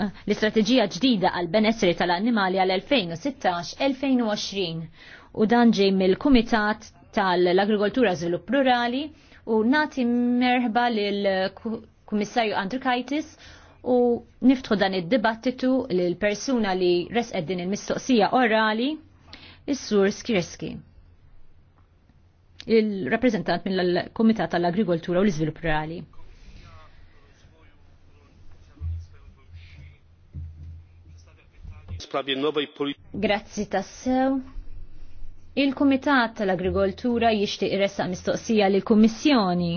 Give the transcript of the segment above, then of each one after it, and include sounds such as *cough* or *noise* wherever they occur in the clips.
l-istrateġija ġdida għal benessri tal-annimali għal 2016-2020 u dan ġej mill-Kumitat tal-Agrikoltura Żvilupp Rurali u nati merħba lil kummissarju Andrukaitis u niftħu dan id-dibattitu lil persuna li resqed din il-mistoqsija orali is-sur Skirski il rappreżentant mill kumitat tal-Agrikoltura u l-Iżvilupp Rurali. Grazzi tassew. Il-Kumitat tal-Agrikoltura jixtieq iressaq mistoqsija lill kummissjoni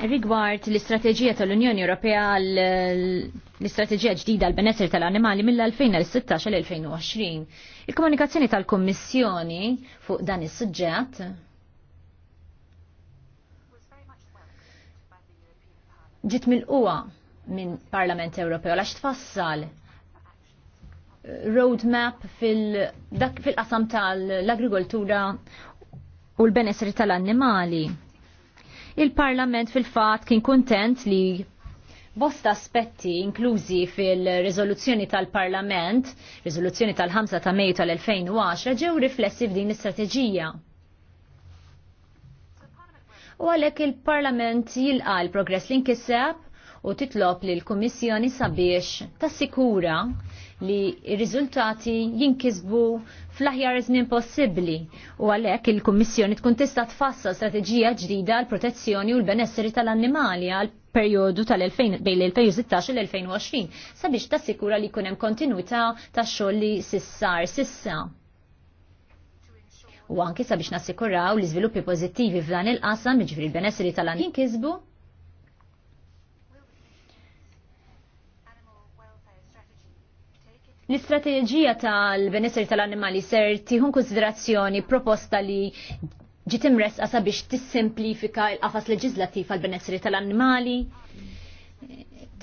Rigward l-istrateġija tal-Unjoni Ewropea l-istrateġija ġdida l benessir tal-animali mill-2016 l-2020. Il-komunikazzjoni tal-Kommissjoni fuq dan is-suġġett ġiet mill-qwa minn Parlament Ewropew għax tfassal eh, roadmap fil-qasam fil tal-agrikoltura u l-benessri tal-annimali. Il-Parlament fil-fat kien kontent li bosta aspetti inklużi fil-rizoluzzjoni tal-Parlament, rizoluzzjoni tal-5 ta' Mejju tal-2010, ġew riflessi f'din l-istrateġija. U għalhekk il-Parlament jilqa l-progress li nkiseb u titlob li l-Kummissjoni sabiex tassikura li r-riżultati jinkisbu fl-aħjar żmien possibbli u għalhekk il-Kummissjoni tkun tista' tfassal strateġija ġdida għal protezzjoni u l-benesseri tal-annimali għal periodu tal bejn 2016 l-2020 sabiex tassikura li kunem kontinuità ta' xogħol sissar sissa. U anki sabiex nassikuraw li żviluppi pożittivi f'dan il-qasam jiġifieri l-benessri tal annimali jinkisbu L-istrateġija tal benessri tal-annimali ser tiħun konsiderazzjoni proposta li ġiet imresqa sabiex tissimplifika l-qafas leġislattiv għal benessri tal-annimali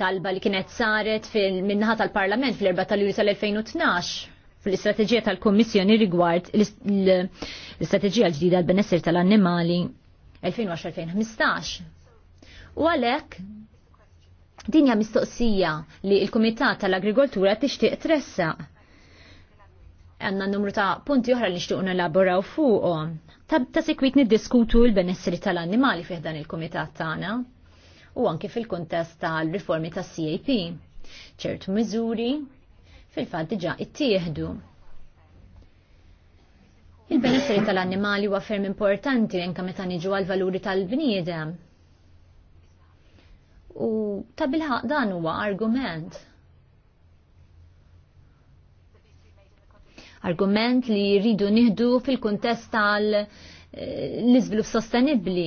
talba li kienet saret minnaħa tal-Parlament fil-4 tal-Julju tal-2012 fil-istrateġija tal komissjoni rigward l-istrateġija l-ġdida l benessri tal-annimali 2010-2015. U għalek, Dinja mistoqsija li il-Kumitat tal-Agrikoltura tixtieq tressaq. Għanna numru ta' punti oħra li xtuqna laboraw fuqhom. Tab ta' sekwit niddiskutu l-benessri tal-annimali fih dan il-Kumitat tagħna u anke fil-kontest tal-riformi tas CAP. ċertu miżuri fil-fatt diġà ittieħdu. Il-benessri tal-annimali huwa ferm importanti anke meta niġu għal valuri tal-bniedem U ta' bilħaq dan huwa argument. Argument li jridu nieħdu fil-kuntest tal eh, l-iżvilupp sostenibbli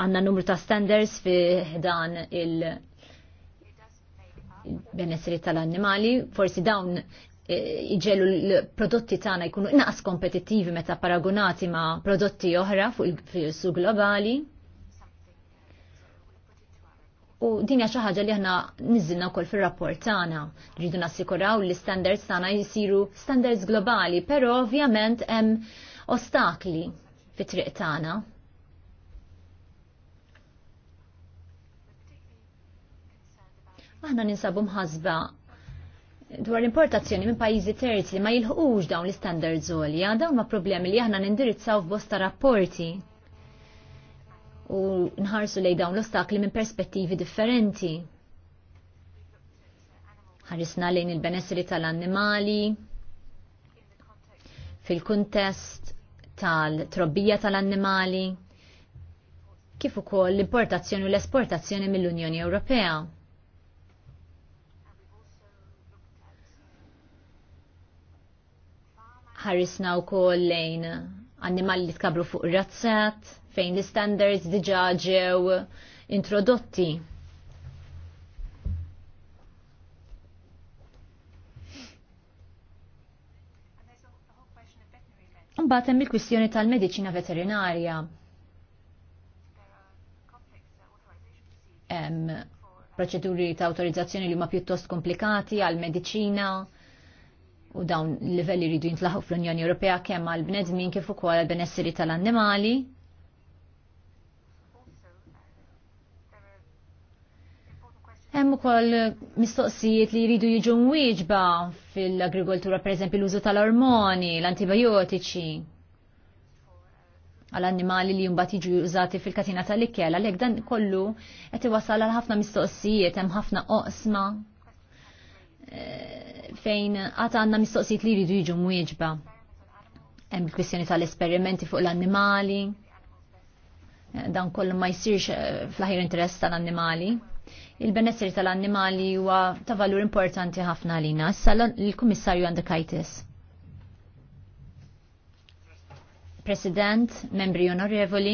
għanna numru ta' standards fi dan il benessri tal-annimali, forsi dawn eh, iġelu l-prodotti tagħna jkunu inqas kompetittivi meta paragonati ma' prodotti oħra fuq il-su globali. U dinja xi ħaġa li aħna niżilna wkoll fir-rapport tagħna. Rridu nasikuraw li standards tagħna jisiru standards globali, però ovvjament hemm ostakli fit-triq tagħna. Aħna ninsabu mħasba dwar importazzjoni minn pajjiżi terzi li ma jilħuġ dawn l-standards għolja, dawn ma problemi li aħna nindirizzaw f'bosta rapporti u nħarsu lej dawn l-ostakli minn perspettivi differenti. Ħarisna lejn il-benessri tal-annimali, fil-kuntest tal-trobbija tal-annimali, kif ukoll l-importazzjoni u l-esportazzjoni mill-Unjoni Ewropea. Ħarisna wkoll lejn annimali li tkabru fuq razzat, fejn l-standards diġa ġew introdotti. Mbagħad hemm il-kwistjoni tal-mediċina veterinarja. Hemm proċeduri ta' awtorizzazzjoni li huma pjuttost komplikati għal mediċina u dawn livelli jridu jintlaħu fl-Unjoni Ewropea kemm għal bnedmin kif ukoll għal benessiri tal-annimali. ukoll mistoqsijiet li jridu jiġu mwieġba fil-agrikoltura, per eżempju l-użu tal-ormoni, l-antibiotiċi għal-annimali li jumbat jiġu użati fil-katina tal-ikkel, għalhekk dan kollu qed iwasal għal ħafna mistoqsijiet, hemm ħafna oqsma eh, fejn għad għandna mistoqsijiet li jridu jiġu mwieġba. Hemm il-kwistjoni tal-esperimenti fuq l-annimali, eh, dan kollu ma jsirx eh, fl-ħajr interess tal-annimali. Il-benessir tal-annimali huwa ta' valur importanti ħafna għalina. Issa l-Kummissarju Kajtis. President, membri onorevoli,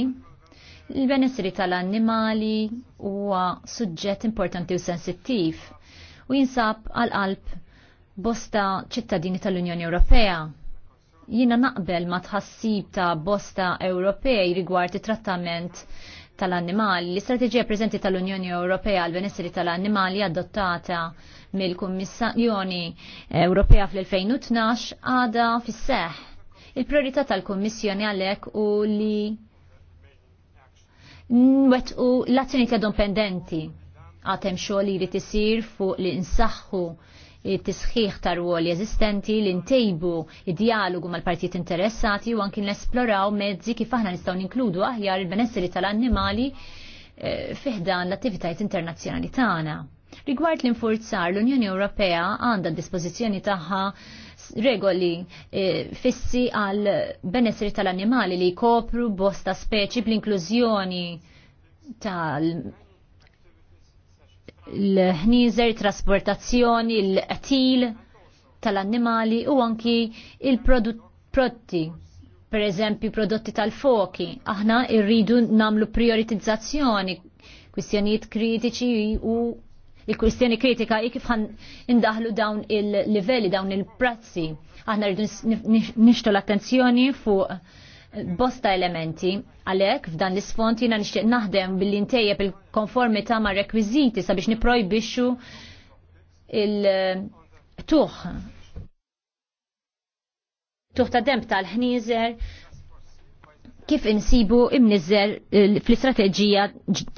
il benessir tal-annimali huwa suġġett importanti u sensittiv u jinsab għal-qalb bosta ċittadini tal-Unjoni Ewropea. Jina naqbel ma tħassib ta' bosta Ewropej rigward it-trattament tal-annimali. L-istrateġija preżenti tal-Unjoni Ewropea għal benessri tal-annimali adottata mill-Kummissjoni Ewropea fl-2012 għada fis-seħ. Il-priorità tal-Kummissjoni għalek u li nwetqu l-azzjoni ta' pendenti għatem xogħol li jrid isir fuq li nsaħħu tisħiħ ta' ruoli eżistenti li ntejbu id-dialogu mal-partijiet interessati u anki nesploraw mezzi kif aħna nistgħu ninkludu aħjar il-benesseri tal-annimali eh, fiħdan l-attivitajiet internazzjonali tagħna. Rigward l-infurzar, l-Unjoni Ewropea għandha dispożizzjoni tagħha regoli eh, fissi għal benesseri tal-annimali li kopru bosta speċi bl-inklużjoni tal l ħnizer trasportazzjoni, l qtil tal-annimali u anki il-prodotti, per eżempju prodotti tal-foki. Aħna irridu namlu prioritizzazzjoni, kwistjonijiet kritiċi u il-kwistjoni kritika i kif indaħlu dawn il-livelli, dawn il-prazzi. Aħna rridu nishtu l-attenzjoni fuq bosta elementi għalek f'dan l-isfont jina nixtieq naħdem billi ntejjeb il-konformità ma' rekwiżiti sabiex niprojbixxu il-tuħ tuħ ta' demb tal-ħnieżer kif insibu imnizzel eh, fl-istrateġija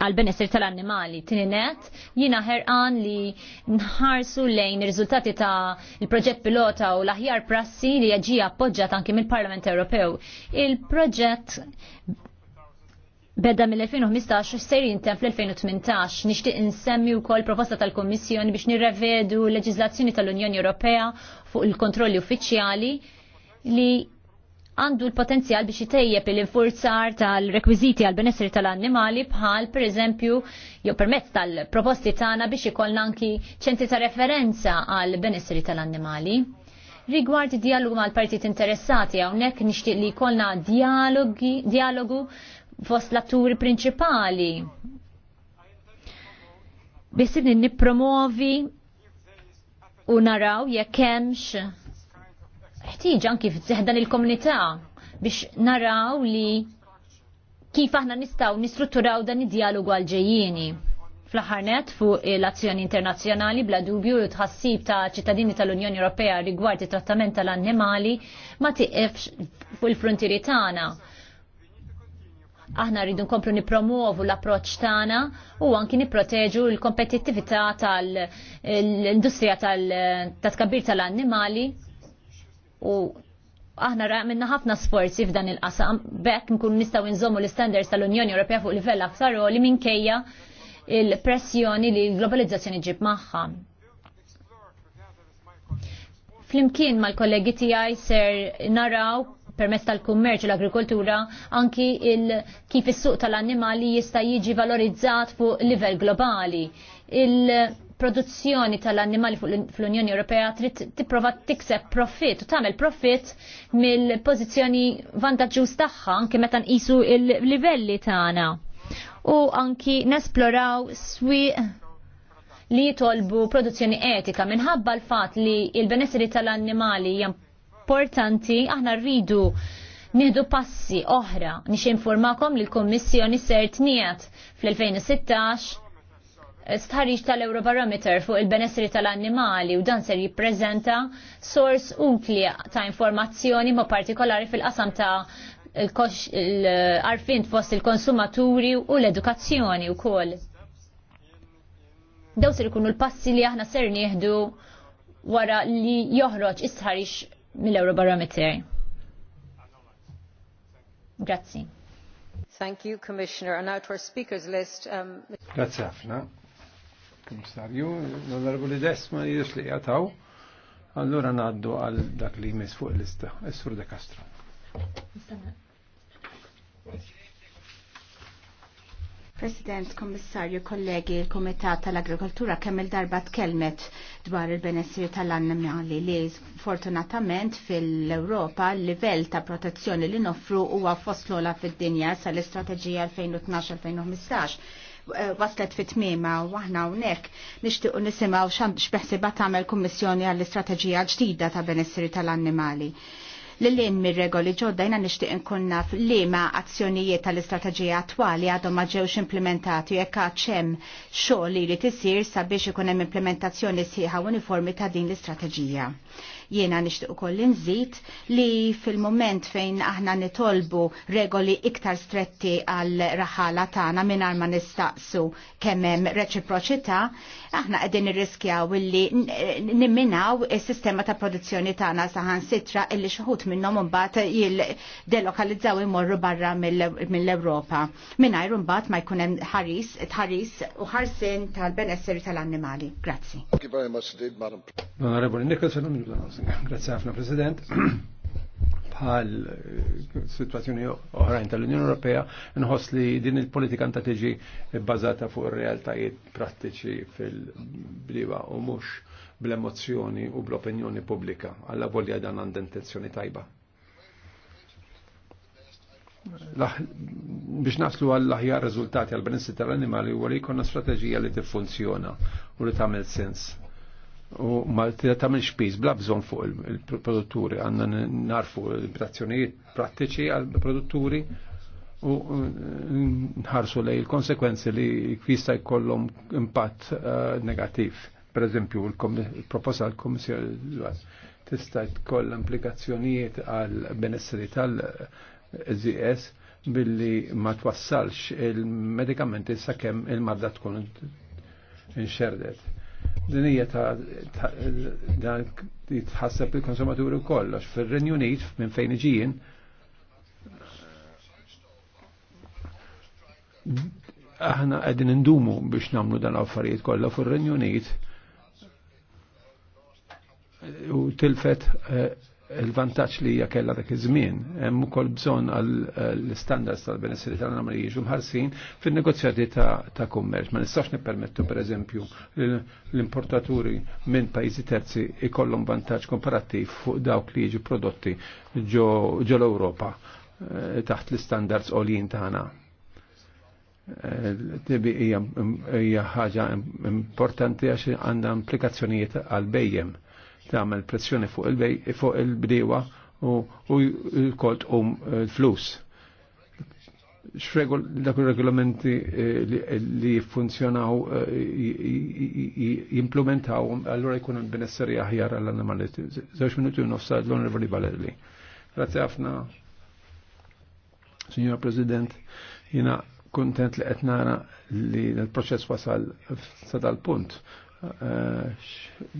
għal-benesser tal-annimali. t-ninet, jina ħerqan li nħarsu lejn il-rizultati ta' il-proġett pilota u l-aħjar prassi li jaġi appoġġat anki mill-Parlament Ewropew. Il-proġett Bedda mill-2015 ser jintem fl-2018 nixtieq insemmi wkoll proposta tal kummissjoni biex nirrevedu l leġiżlazzjoni tal-Unjoni Ewropea fuq il-kontrolli uffiċjali li għandu l-potenzjal biex jitejjeb l-infurzar tal-rekwiziti għal-benessri tal-annimali bħal per eżempju jew permezz tal-proposti tagħna biex ikollna anki ċenti ta' referenza għal-benessri tal-annimali. Rigward dialogu mal-partit interessati hawnhekk nixtieq li jkollna dialogu fost l-atturi prinċipali. Bisibni nippromovi u naraw jekk hemmx Ħtiġ anki dan il-komunità biex naraw li kif aħna nistgħu nistrutturaw dan id-dialogu għal ġejjini Fl-ħarnet fuq l-azzjoni internazzjonali bla dubju u tħassib ta' ċittadini tal-Unjoni Ewropea rigward it-trattament tal-annimali ma tiqfx fuq il-frontieri tagħna. Aħna rridu nkomplu nipromuovu l-approċċ tagħna u anki nipproteġu l-kompetittività tal-industrija tal-tkabbir tal-annimali u aħna minna ħafna sforzi f'dan il-qasam bekk nkun nistgħu nżommu l-standards tal-Unjoni Ewropea fuq livell aktar li minkejja il-pressjoni li l-globalizzazzjoni ġib magħha. Flimkien mal-kollegi tiegħi ser naraw permezz tal-kummerċ u l-agrikoltura anki il kif is-suq tal-annimali jista' jiġi valorizzat fuq livell globali. Il- produzzjoni tal-annimali fl-Unjoni Ewropea trid tipprova tikseb profit u tagħmel profit mill-pożizzjoni vantaġġuż tagħha anke meta nqisu l-livelli tagħna. U anki nesploraw swieq li jitolbu produzzjoni etika minħabba l-fat li il-benesseri tal-annimali hija importanti aħna rridu nieħdu passi oħra nix informakom li l-Kommissjoni ser tniet fl-2016 stħarriġ tal-Eurobarometer fuq il-benessri tal-annimali u dan ser jippreżenta sors unkli ta' informazzjoni ma' partikolari fil-qasam ta' l-arfin fost il-konsumaturi u l-edukazzjoni u kol. Daw ser ikunu l-passi li aħna ser nieħdu wara li joħroġ istħarriġ mill-Eurobarometer. Grazzi. Thank you, Commissioner. And now to our speakers list. Um... Grazie, Afna. Komissarju, l-onorevoli Desma jiex li jataw, allura naddu għal dak li jmiss fuq l-lista, Essur de Castro. President, Kommissarju, kollegi, il-Komitat tal-Agrikoltura kemm il-darba tkellmet dwar il-benessiri tal-annimali li fortunatament fil-Europa l-livell ta' protezzjoni li noffru huwa foslola fid-dinja sal-istrateġija 2012-2015 waslet fit tmima u aħna hawnhekk nixtiequ nisimgħu x'beħsiba tagħmel kummissjoni għall-istrateġija ġdida ta' benessri tal-annimali. Lillin mir-regoli ġodda jina nixtieq inkun naf liema azzjonijiet tal-istrateġija attwali għadhom ma ġewx implementati jekk għad hemm xogħol li tisir sabiex ikun hemm implementazzjoni sħiħa uniformi ta' din l-istrateġija. Jiena nixtieq ukoll nżid li fil-moment fejn aħna nitolbu regoli iktar stretti għal raħala tagħna mingħajr ma nistaqsu kemm hemm reċiproċità, aħna qegħdin nirriskjaw illi nimminaw is-sistema ta' produzzjoni tagħna saħan sitra illi xi minnhom imbagħad jil-delokalizzaw imorru barra mill-Ewropa. Mingħajr imbagħad ma jkun hemm ħaris, tħaris u ħarsin tal-benesseri tal-annimali. Grazzi. Onorevoli Nicholson, Grazie ħafna President. *clears throat* Bħal eh, situazzjoni oħrajn tal-Unjoni Ewropea nħoss li din il-politika għandha tiġi bbażata fuq realtajiet prattiċi fil-bliwa u mhux bl-emozzjoni u bl-opinjoni pubblika. Alla volja dan għandha intenzjoni tajba. biex naslu għall-aħjar riżultati għal-benessi tal-animali u li jkollna strateġija li tiffunzjona u li tagħmel sens u ma tamil xpiz bla bżon fuq il-produtturi, għanna narfu l-imitazzjonijiet prattiċi għal-produtturi u nħarsu lej il-konsekwenzi li kvista jkollhom impatt negativ. Per eżempju, il-proposta l-Komissjoni tista' tkoll implikazzjonijiet għal benessri tal-ZS billi ma twassalx il-medikamenti sakemm il-marda tkun inxerdet dinija ta' dan jitħasseb il-konsumaturi kollox. fil renju Unit minn fejn iġijin aħna għedin indumu biex namlu dan affarijiet kollha fir-Renju Unit u tilfet eh, il-vantaġġ li hija kellha dak iż-żmien hemm ukoll bżonn għall eh, istandards tal-benesseri tagħna li jiġu mħarsin fin-negozjati ta' kummerċ. Ma nistax nippermettu pereżempju l-importaturi minn pajjiżi terzi ikollhom vantaġġ komparattiv fuq dawk li jiġu prodotti ġo l-Ewropa eh, taħt l istandards għoljin tagħna. Eh, tibi hija ħaġa importanti għax għandha implikazzjonijiet għal bejjem tagħmel pressjoni fuq il-bej fuq il-bdiewa u l-kolt um eh, flus. Xregol dak il-regolamenti eh, li jiffunzjonaw eh, jimplementaw allura jkun benesseri aħjar għall-annimali. Żewġ minuti u nofsa l-onorevoli Valerli. Grazie ħafna, Signor President, jina kontent li qed nara li l-proċess wasal sa dal-punt Eh,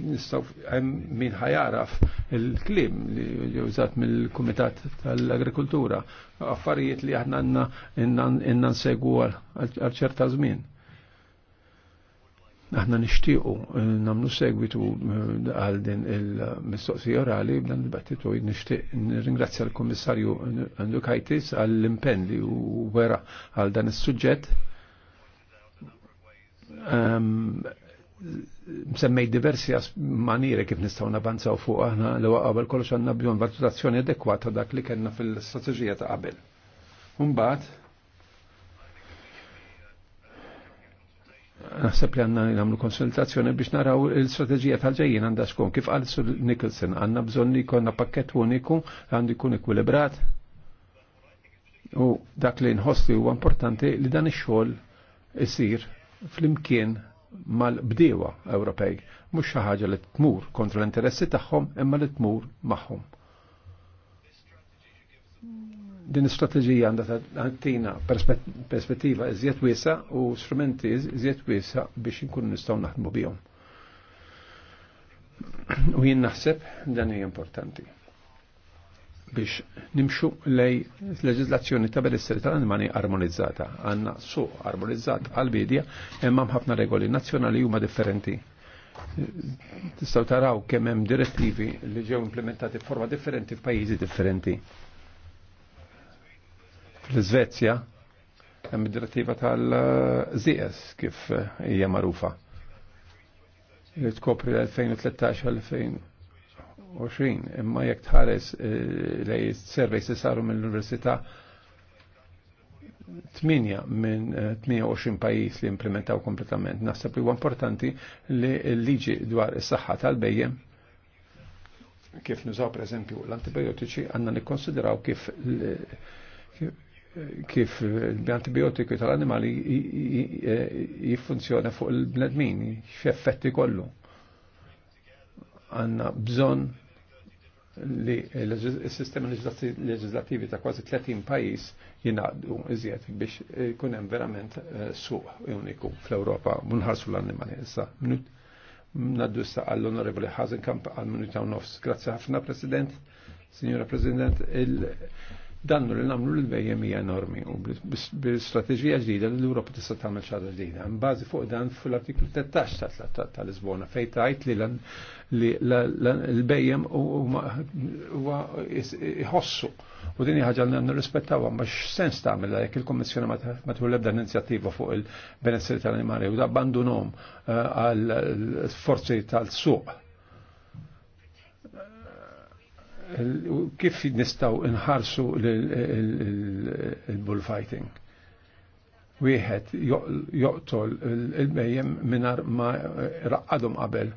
nistaw min ħajaraf il-klim li użat mill-Kumitat tal-Agrikultura, affarijiet li aħna għanna inna għal ċerta żmien. Aħna nixtiequ eh, namlu segwitu eh, għal din il-mistoqsija orali b'dan il-battitu nixtieq nirringrazzja l-Kummissarju Andukaitis għall-impenn li wera għal dan is-suġġett ehm, msemmej diversi maniere kif nistgħu nabanzaw fuq aħna li għabel kollox għandna bjon valutazzjoni adekwata dak li kellna fil-strateġija ta' qabel. Umbat, naħseb li għandna nagħmlu konsultazzjoni biex naraw il-strateġija tal-ġejjin għandha xkun. Kif għal Sur Nicholson, għandna bżonn li jkollna pakkett uniku għandu jkun ekwilibrat. U dak li nħossli huwa importanti li dan ix-xogħol isir fl-imkien mal-bdiewa Ewropej, mhux xi ħaġa li tmur kontra l-interessi tagħhom imma li tmur magħhom. Din istrateġija għandha għandina perspettiva iżjed wiesa u strumenti iżjed wiesa biex inkunu nistgħu naħdmu bihom. *clears throat* U jien naħseb dan hija importanti biex nimxu lej leġizlazzjoni ta' benesseri tal-animali armonizzata. Għanna su armonizzat għal-bidja imma mħafna regoli nazzjonali huma differenti. Tistaw taraw kemm hemm direttivi li ġew implementati f'forma differenti f'pajjiżi differenti. Fl-Iżvezja hemm direttiva tal-ZS kif hija magħrufa. Li tkopri l-2013 20, imma jekk tħares eh, lej servej se saru mill-Università 8 minn 28 eh, pajjiż li implementaw kompletament. Naħseb li huwa importanti li l-liġi dwar is-saħħa tal-bejjem kif nużaw pereżempju l-antibiotiċi għandna nikkonsidraw kif kif l-antibiotiku tal-animali eh, jiffunzjona fuq il-bnedmin, x'effetti kollu. Għanna bżonn li s-sistema leġislativi ta' kważi 30 pajis jinaqdu iżjed biex ikun hemm verament eh, suq uniku fl-Ewropa nħarsu l-annimali issa. Naddu issa għall-Onorevoli Hazenkamp għal minuta u nofs. Grazzi ħafna, President. Signora President, il- dannu li namlu l-bejjem hija enormi u bil-strateġija ġdida li l europa tista' tagħmel xagħda ġdida. Mbażi fuq dan fl-artiklu 13 tal-Lisbona fejn tajt li l-bejjem huwa iħossu. U din ħaġa li x ma x'sens għamil jekk il komissjoni ma l-ebda inizjattiva fuq il-benessri tal-animali u da bandunom eh, għal forzi tal-suq kif nistaw nħarsu l-bullfighting? Wieħed joqtol il-mejjem minar ma raqqadhom qabel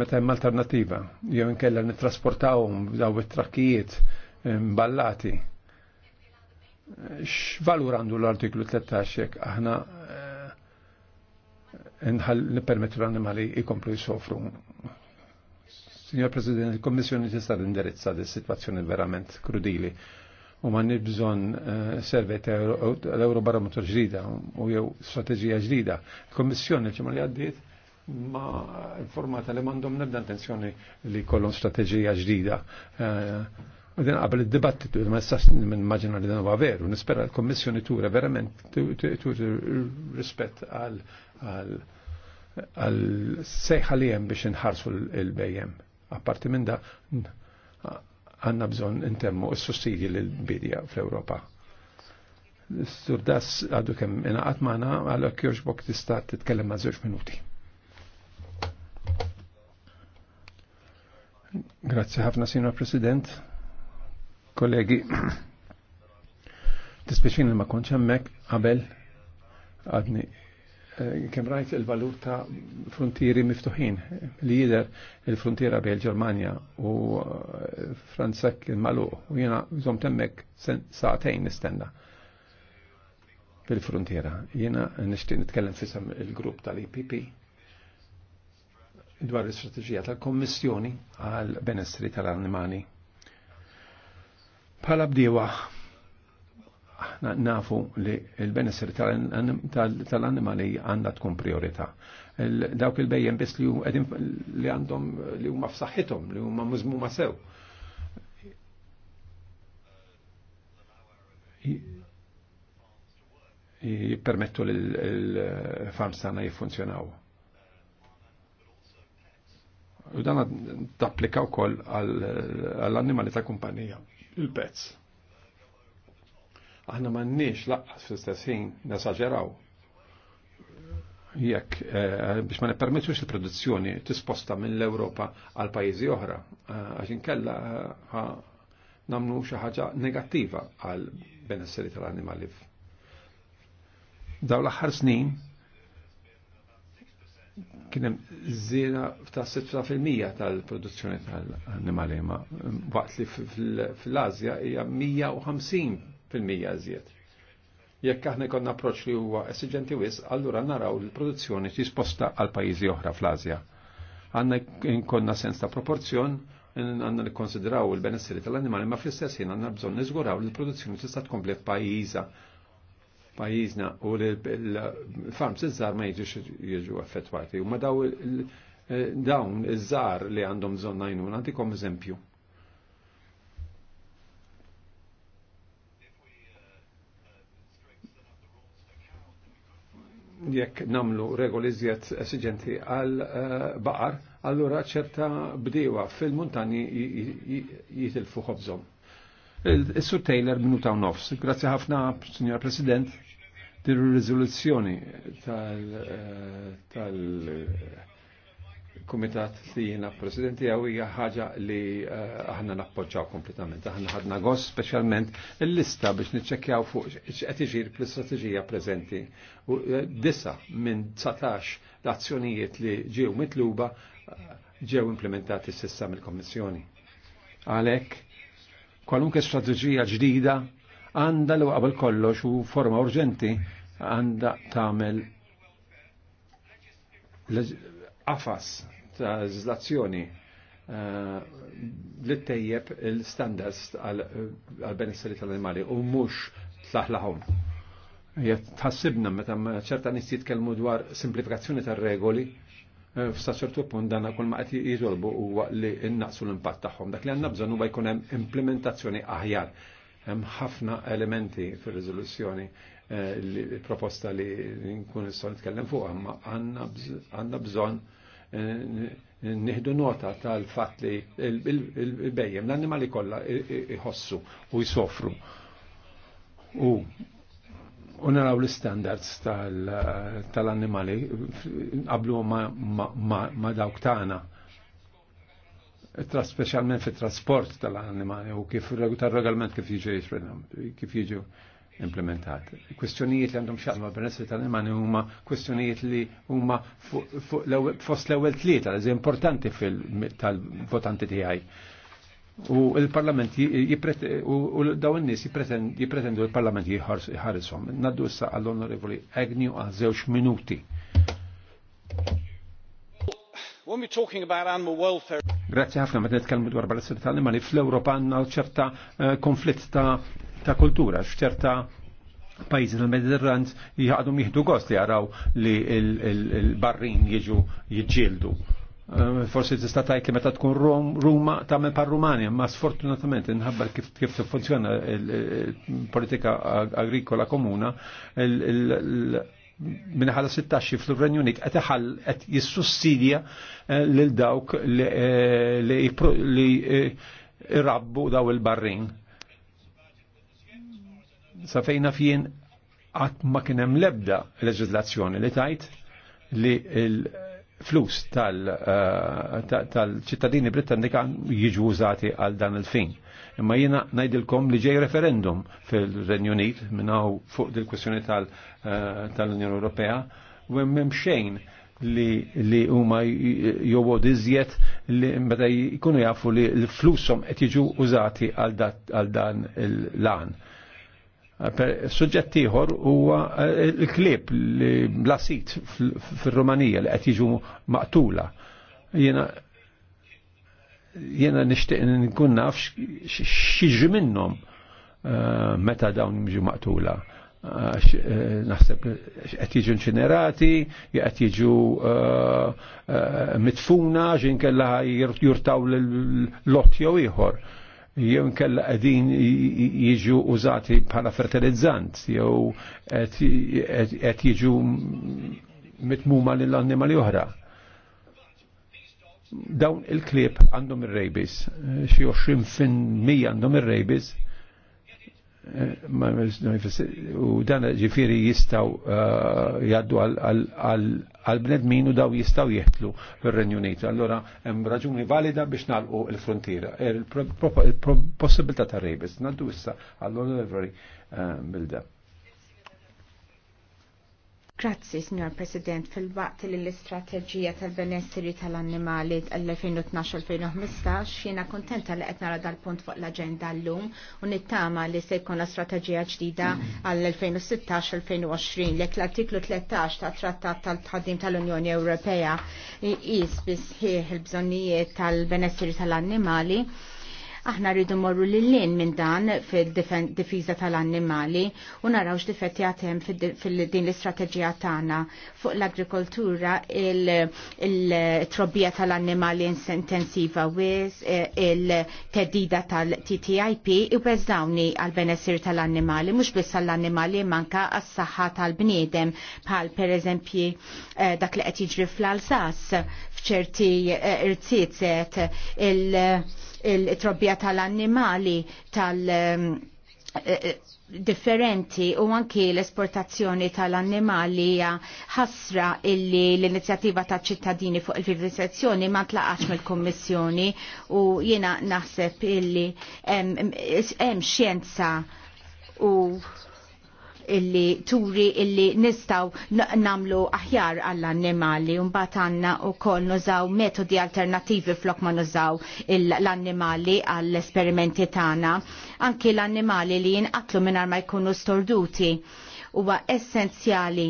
meta hemm alternattiva. jew inkella nittrasportawhom daw it-trakkijiet mballati. X'valur għandu l-artiklu 13 hekk aħna eh, nħall nippermettu l-annimali jkomplu jsofru Signor President, il ci tista' indirizzata di situazzjoni verament krudili u ma nibżon eh, servet l-Eurobarometru ġdida u jew strategija ġdida. kommissjoni ċemma li għaddiet ma informata li mandom nebda intenzjoni li kollon strategija ġdida. Eh, u din qabel id-dibattitu, ma jistax minn maġina li dan huwa veru, nispera l-Kommissjoni tura verament tur rispett għal għal sejħa li hemm biex nħarsu l-bejjem. Apparti minn da għanna bżon intemmu s-sussidji l-bidja fl-Europa. Surdas għadu kem inaqat maħna għalok bok tista titkellem ma' zoċ minuti. Grazie ħafna, Signor President. Kollegi, tispeċin *clears throat* li ma konċemmek hemmhekk għadni Eh, kem rajt il-valur ta' frontieri miftuħin li jider il-frontiera bej il-Germania u eh, Franza il malu u jena zom temmek sa'tejn nistenda fil-frontiera. Jena nishti nitkellem fisam il-grupp tal-IPP dwar l-istrategija tal-Kommissjoni għal benessri tal-animali. Pala bdiewa aħna nafu li l-benessir tal-annimali għandha tkun priorità. Dawk il-bejjem biss li li għandhom li huma f'saħħithom, li huma ma sew. Jippermettu li l-farms tagħna jiffunzjonaw. U dan tapplika wkoll għall-annimali ta' kumpanija, il-pets Aħna m'għandniex laqqas fl-istess ħin nesaġeraw. Jekk eh, biex ma nippermettux il-produzzjoni tisposta mill-Ewropa għal pajjiżi oħra, eh, għax inkella eh, namlu xi ħaġa negattiva għal benesseri tal-annimali. Daw l-aħħar snin kien hemm żiena ta' 6% tal-produzzjoni tal-annimali ma waqt li fl-Asja hija 150 fil-mija iżjed. Jekk aħna konna approċċ li huwa esiġenti wis, allura naraw l-produzzjoni tisposta għal pajjiżi oħra fl azja Għanna konna sens ta' proporzjon għanna nikkonsidraw il-benessiri tal-animali, ma fl-istess jena għanna bżon nizguraw li l-produzzjoni tista' tkompli f'pajjiża pajjiżna u l-farms iż-żar ma jiġux jiġu affettwati. U ma daw dawn iż-żar li għandhom bżon najnu, għandikom eżempju. jekk namlu regoli zjed esigenti għal eh, baqar, allura ċerta bdewa fil-muntani jitilfu ħobżom. Is-Sur Taylor minuta nofs. Grazzi ħafna, Signor President, dir riżoluzzjoni tal-, eh, tal kumitat li jena presidenti għawija hija ħaġa li eh, aħna nappoġġaw kompletament. Aħna ħadna għos specialment il-lista biex niċċekkjaw fuq x'qed iġir fl-istrateġija preżenti. U eh, disa minn 19 l-azzjonijiet li ġew mitluba eh, ġew implementati s'issa mill-Kommissjoni. Għalhekk kwalunkwe strateġija ġdida għandha l qabel kollox u forma urġenti għandha tagħmel qafas ta' legislazzjoni eh, li tejjeb il-standards għal-benessari tal-animali u mux tlaħlaħom. Tħassibna meta ċerta nis jitkellmu dwar simplifikazzjoni tar-regoli, eh, f'sa ċertu punt dan kull ma qed jitolbu huwa li innaqsu l-impatt tagħhom. Dak li għandna bżonn huwa jkun hemm implementazzjoni aħjar. Hemm ħafna elementi fir-riżoluzzjoni eh, proposta li nkun nistgħu nitkellem fuq, ma għandna bżonn Eh, nihdu nota tal fat li il-bejjem l-annimali kollha iħossu u jsofru. U naraw l-standards tal-annimali qablu ma dawk tagħna specialment fit trasport tal-annimali u kif tal-regolament kif jiġi kif jiġu implementat. Kwestjonijiet li għandhom xaqma benessri tal-imani huma kwestjonijiet li huma fost l-ewwel tlieta, eżi importanti tal-votanti tiegħi. U l-Parlament u daw in-nies jipretendu l-Parlament jħarishom. Naddu issa għall-Onorevoli Agnew għal żewġ minuti. When we're talking about animal welfare Grazie ħafna meta nitkellmu dwar bħal benessri tal-imani fl-Ewropa għandna ċerta eh, konflitt ta' ta' kultura, f'ċerta pajjiżi l-Mediterran jgħadu miħdu gost li jaraw li l-barrin jiġu jġildu. Eh, forsi tista' tajt li meta tkun Ruma tagħmel par Rumania, ma sfortunatament inħabbar kif kif tiffunzjona l-politika agrikola komuna minħala 16 fl-Renju Unit qed iħall qed jissussidja eh, lil dawk li eh, irabbu daw il-barrin Safejna fien għat ma kienem lebda leġizlazzjoni li tajt li il-flus eh, tal-ċittadini britannika jiġu użati għal dan il-fin. Imma jina najdilkom li ġej referendum fil-Renju Unit minnaw fuq dil-kwestjoni eh, tal-Unjoni Ewropea u hemm xejn li li huma jowo iżjed li meta jkunu jafu li l-flushom qed jiġu użati għal dan il-lan. Suġġett ieħor huwa eh, l-klieb li blasit fir-Rumanija li qed jiġu maqtula. Jiena jiena nixtieq nkun naf x'jiġri minnhom eh, meta dawn jiġu maqtula eh, naħseb qed jiġu inċinerati, qed jiġu mitfuna x'in kella jurtaw l-lot jew ieħor jew nkella qegħdin jiġu użati bħala fertilizzant jew qed jiġu mitmuma lill annimali oħra. Dawn il-klieb għandhom ir-rabies, xi 20 fin mija għandhom ir-rabies, u dan ġifiri jistaw uh, jaddu għal-bnedmin u daw jistaw jieħtlu fil-Renju Unit. Allora, hemm raġuni valida biex nalqu il-frontiera. Il-possibilità ta' rejbis, Naddu issa għall-Olivery Bilda. Uh, Grazzi, Signor President, fil-waqt li l-istrateġija tal-benessiri tal-annimali tal-2012-2015, jiena kontenta li qed nara dal-punt fuq l-agenda llum u nittama li se jkun strateġija ġdida għall-2016-2020 li l-artiklu 13 ta' trattat tal-tħaddim tal-Unjoni Ewropea jqis bisħieħ il-bżonnijiet tal-benessiri tal-annimali. tal benessiri tal annimali Aħna rridu morru lil-lin minn dan fil-difiża tal-annimali u naraw x'difetti għatem fil-din l-istrateġija tagħna fuq l-agrikoltura il-trobbija tal-annimali intensiva wis il-tedida tal-TTIP u beżdawni għal-benessir tal-annimali mhux biss għall-annimali manka għas-saħħa tal-bniedem bħal pereżempji eh, dak li qed jiġri fl-Alsas f'ċerti eh, irtiet il- il-trobbija tal-annimali tal- ehm, eh, eh, differenti u anki l-esportazzjoni tal-annimali hija ħasra illi l-inizjattiva ta' ċittadini fuq il vivizzazzjoni ma tlaqax mill-Kommissjoni u jiena naħseb illi hemm xjenza u illi turi illi nistaw namlu aħjar għall-annimali un batanna u koll nużaw metodi alternativi flok ma nużaw l-annimali għall-esperimenti tana anki l-annimali li jinqatlu minn ma jkunu storduti huwa essenzjali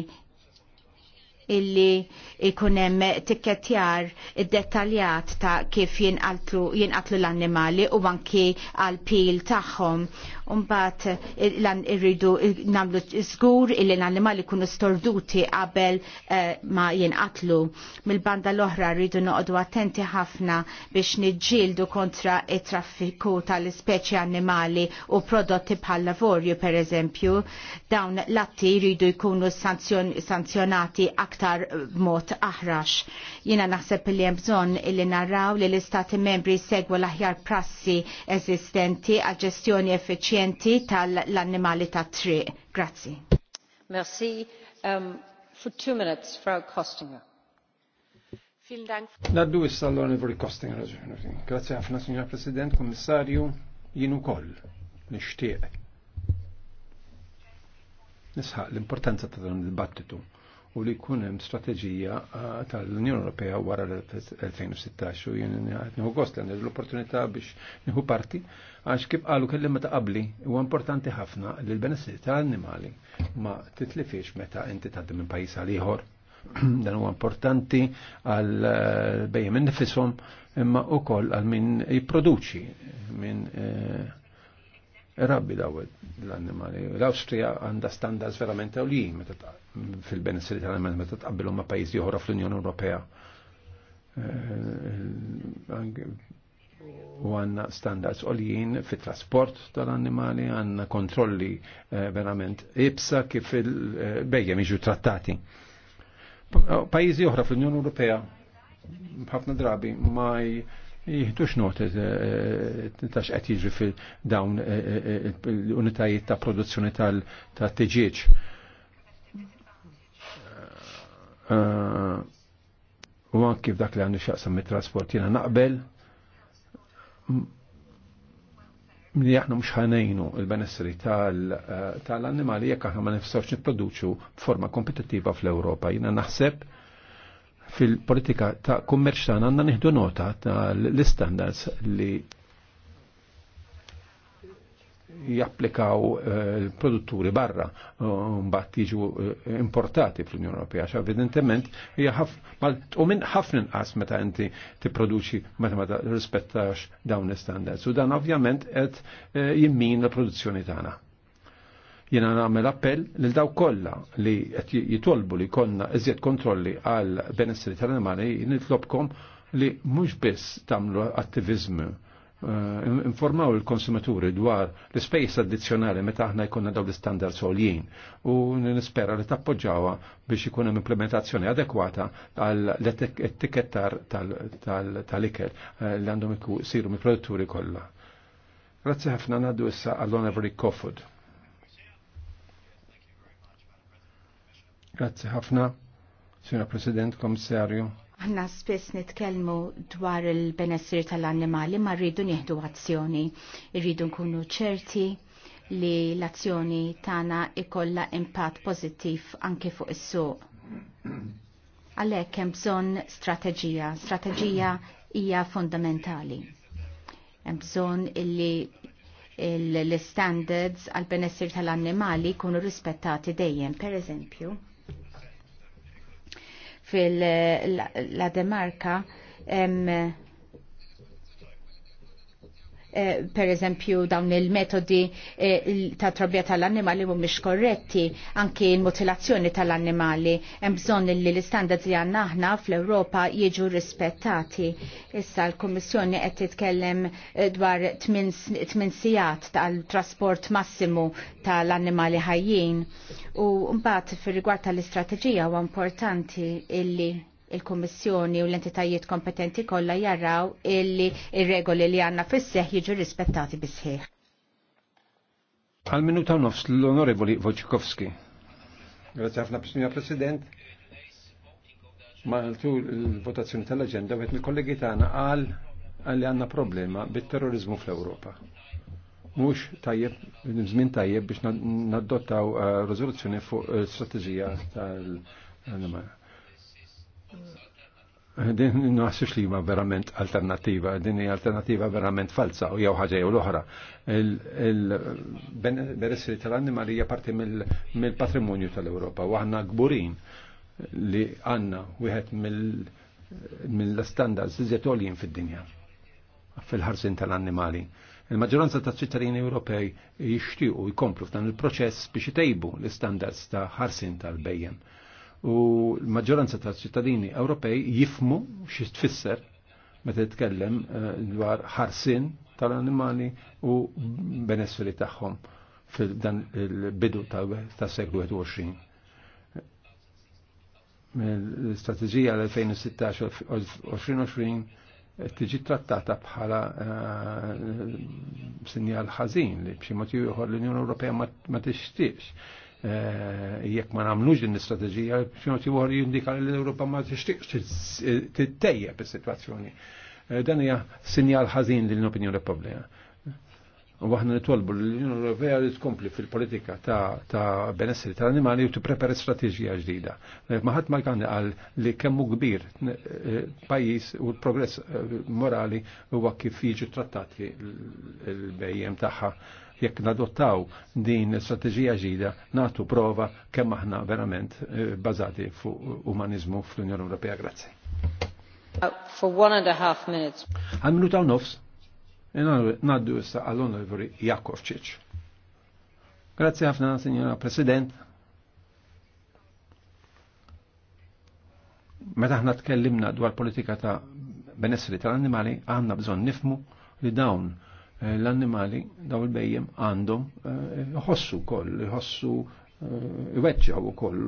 illi ikunem tikketjar id-detaljat ta' kif jinqatlu l-annimali u anki għal-pil tagħhom. Umbat lan irridu namlu zgur illi l-annimali kunu storduti qabel eh, ma jinqatlu. Mil-banda l-oħra rridu noqdu attenti ħafna biex niġġieldu kontra it-traffiku tal-speċi annimali u prodotti bħal lavorju per eżempju. Dawn l-atti rridu jkunu sanzjonati aktar aktar mod aħrax. Jina naħseb li hemm bżonn li narraw li l-istati membri segwu l-aħjar prassi eżistenti għal ġestjoni effiċjenti tal-annimali ta' triq. Grazzi. Merci. Um, for two minutes, Frau Kostinger. Naddu issa l-Onorevoli Kosting Kostinger. Grazie ħafna, Signor President, Kommissarju, jinu koll, nishtiq. Nisħaq l-importanza ta' dan il-battitu u li jkun hemm strateġija tal-Unjoni Ewropea wara l-2016 u jien nieħu gost għandi l-opportunità biex nieħu parti għax kif qalu kellim meta qabli huwa importanti ħafna li l-benessiri tal-annimali ma titlifiex meta inti tgħaddi minn pajjiż għal ieħor. *clears throat* Dan huwa importanti għal eh, bejjem innifishom imma wkoll għal min jipproduċi minn eh, rabbi daw l-annimali. L-Awstrija għandha standards verament li fil-benessri tal-annimali meta tqabbilhom ma' pajjiżi oħra fl-Unjoni Ewropea. Eh, u għanna standards għoljien fit trasport tal-annimali, għanna kontrolli eh, verament ibsa kif il-bejjem miġu trattati. Pajizi oħra fl-Unjoni Ewropea ħafna drabi ma' jihdux noti eh, eh, ta' xqed jiġri fil-dawn eh, l-unitajiet ta' produzzjoni tal-tiġieġ. U kif dak li għandu xaqsam mit-trasport jiena naqbel li aħna mhux ħanejnu l-benessri tal-annimali jekk aħna ma nifsawx nipproduċu b'forma kompetittiva fl-Ewropa. Jiena naħseb fil-politika ta' kummerċ għandna nieħdu nota ta' l-istandards li japplikaw eh, l-produtturi barra mbagħad jiġu eh, importati fl-Unjoni Ewropea għax evidentement hija u minn ħafna inqas meta inti tipproduċi meta ma rispettax dawn l-standards u dan ovvjament qed eh, jimmin l-produzzjoni tagħna jina nagħmel appell lil daw kollha li qed jitolbu li konna iżjed kontrolli għal benessri tal-animali nitlobkom li mhux biss tagħmlu attiviżmu eh, informaw il-konsumaturi dwar l-space addizjonali meta aħna jkunna daw l-standard soljien u nispera li tappoġġawa biex ikun hemm implementazzjoni adekwata għall-etikettar tal-ikel eh, li għandhom siru mill-produtturi kollha. Grazzi ħafna ngħaddu issa għall-Honorary Kofod. Grazzi ħafna, Sina President, Komissarju. Għanna spess nitkellmu dwar il-benessir tal-annimali ma rridu nieħdu azzjoni. Irridu nkunu ċerti li l-azzjoni tagħna ikolla impatt pożittiv anke fuq is-suq. Għalhekk hemm bżonn strateġija. Strateġija hija fondamentali. Hemm bżonn illi l-standards għal benessir tal-annimali jkunu rispettati dejjem, per eżempju fil-la Demarka Eh, per eżempju dawn il-metodi eh, ta' trabja tal-annimali mhumiex korretti, anki l-mutilazzjoni tal-annimali, hemm bżonn li l-istandards li għandna aħna fl-Ewropa jiġu rispettati. Issa l-Kummissjoni qed titkellem eh, dwar 8 sigħat tal-trasport massimu tal-annimali ħajjin. U mbagħad fir-rigward tal-istrateġija huwa importanti illi il-Kommissjoni u l-entitajiet kompetenti kollha jarraw illi ir-regoli li għandna fis-seħ jiġu rispettati bisħieħ. Għal minuta nofs l-Onorevoli Wojciechowski. Grazie ħafna Signor President. Ma l-votazzjoni tal-aġenda għet mill-kollegi tagħna għal li għandna problema bit-terrorizmu fl-Ewropa. Mhux tajjeb, żmien tajjeb biex naddottaw eh, riżoluzzjoni fuq eh, strateġija tal-Animaja Din naħsux li ma verament alternativa, din hija alternativa verament falsa u jew ħaġa jew l-oħra. Il-benessri tal-annimali hija parti mill-patrimonju tal-Ewropa u aħna gburin li għanna wieħed mill-standards iżjed għoljin fid-dinja fil-ħarsin tal-annimali. Il-maġġoranza ta' ċittadini Ewropej jixtiequ jkomplu f'dan il-proċess biex jtejbu l-istandards ta' ħarsin tal-bejjem u l-maġġoranza ta' ċittadini Ewropej jifmu xi tfisser meta tkellem eh, dwar ħarsin tal-animali u benessri tagħhom fil-dan il-bidu ta' seklu 20. L-istrateġija l-2016-2020 tiġi trattata bħala eh, sinjal ħażin li b'xi motiv ieħor l-Unjoni Ewropea ma tixtiex Eh, jekk ma nagħmlux din l-istrateġija, xi ieħor jindika l europa ma t tixtieqx tittejjeb is situazzjoni eh, Dan hija sinjal ħażin lil opinjoni Republika. U aħna nitolbu l-Unjoni Ewropea li tkompli fil-politika ta' benessri tal-animali u t tipprepara strateġija ġdida. Maħat eh, ma għanni għal li kemmu kbir pajis u l-progress morali huwa kif jiġu trattati l-bejjem taħħa jekk nadottaw din strateġija ġida natu prova kemm aħna verament eh, bazati fuq umanizmu fl-Unjoni Ewropea. Grazzi. Uh, for one and a half minutes. Għal minuta u nofs, naddu issa għall-Onorevoli Jakovčić. Grazzi ħafna, Signora President. Meta aħna tkellimna dwar politika ta' benessri tal-annimali, għanna bżonn nifmu li dawn l-annimali daw il-bejjem għandhom eh, ħossu koll, ħossu eh, iweċċaw u koll,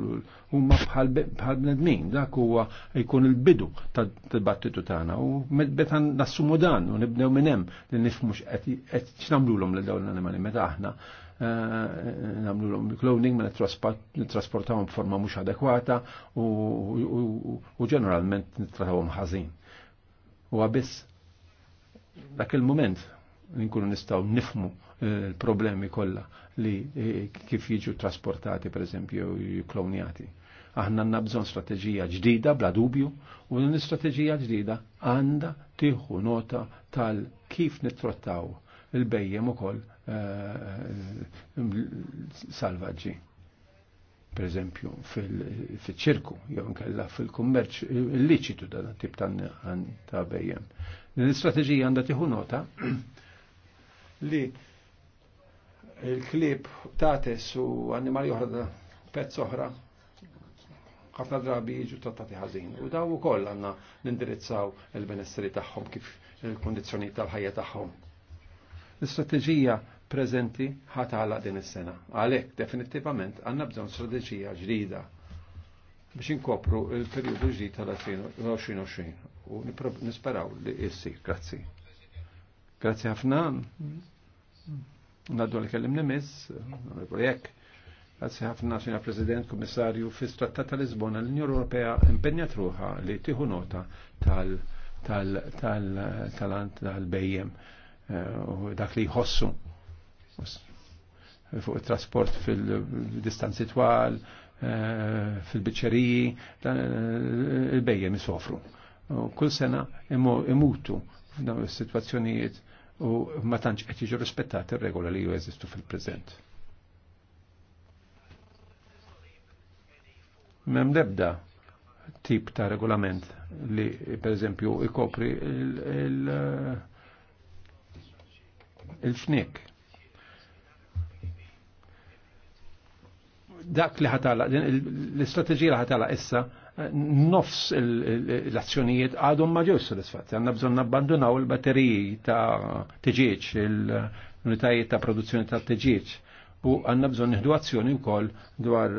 huma bħal bnedmin, dak huwa jkun il-bidu tad battitu tagħna u meta nassumu dan u nibdew minn hemm li nifhmux qed x'namlu lil dawn l-annimali meta aħna eh, namlu l cloning ma mela nittrasportawhom forma mhux adekwata u ġeneralment nittrattawhom ħażin. Huwa biss dak il-moment nkunu nistaw nifmu eh, l-problemi kollha li eh, kif jiġu trasportati pereżempju jiklonjati. Aħna għandna bżonn strateġija ġdida bla dubju u din l-istrateġija ġdida għandha tieħu nota tal kif nittrattaw il-bejjem ukoll eh, salvaġġi per eżempju fil-ċirku, jew nkella fil-kummerċ illiċitu da tip ta' bejjem. Din l-istrateġija għandha tieħu nota li il-klib tates u annimali oħra pezz oħra ħafna drabi jiġu tattati ħażin. U daw ukoll għandna nindirizzaw il benessri tagħhom kif il kondizjoni tal-ħajja tagħhom. L-istrateġija preżenti ħatala din is-sena. Għalhekk definittivament għandna bżonn strateġija ġdida biex inkopru il-perjodu ġdid tal-2020 u nisperaw li issir. Grazzi. Grazzi ħafna. Naddu li kellim nimis, Projek, Għazzi ħafna xina President, Komissarju, fi-strattat tal-Lisbona l unjon Ewropea impenjat ruħa li tieħu nota tal-talant tal-bejjem eh, u dak li jħossu fuq it-trasport fil-distanzi twal, eh, fil-biċċeriji, eh, il-bejjem jisofru. Kull sena imutu f'dawn is-sitwazzjonijiet u ma tantx qed jiġu rispettati r-regola li jeżistu fil-preżent. Mem ebda tip ta' regolament li per eżempju ikopri il-fnik. dak li ħatala, l-istrateġija li ħatala issa nofs l-azzjonijiet għadhom ma ġewx sodisfatti. Għandna bżonn nabbandunaw il-batteriji ta' tiġieġ, il unitajiet ta' produzzjoni ta' tiġieġ u għanna bżon nħdu azzjoni wkoll dwar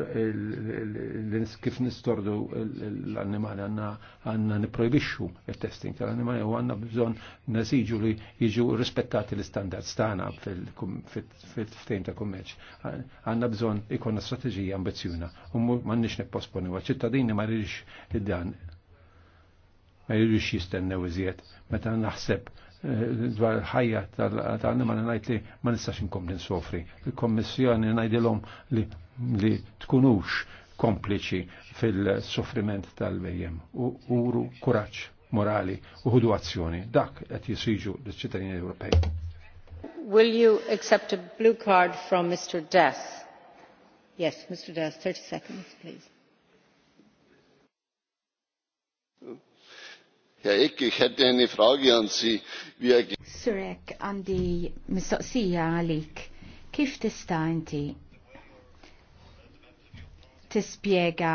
kif nistordu l-annimali għanna għanna niprojbixxu il-testing tal-annimali u għanna bżon nasiġu li jiġu rispettati l standard tagħna fil-ftejn ta' kummerċ. Għanna bżon ikonna strateġija ambizzjuna u m'għandniex nipposponi wa ċittadini ma rridx id-dan ma jridux jistennew iżjed meta naħseb Eh, dwar ħajja tal-għanna ma najt li ma nistax inkompli nsofri. Il-kommissjoni najdilom li tkunux kompliċi fil-soffriment tal-bejjem. Uru kuraċ morali u ħudu azzjoni. Dak qed jisiġu l-ċittadini Ewropej. Will you accept a blue card from Mr. Dess? Yes, Mr. Dess, 30 seconds, please. Herr Eck, ich hätte eine Frage an er għandi mistoqsija għalik. Kif tista' inti tispjega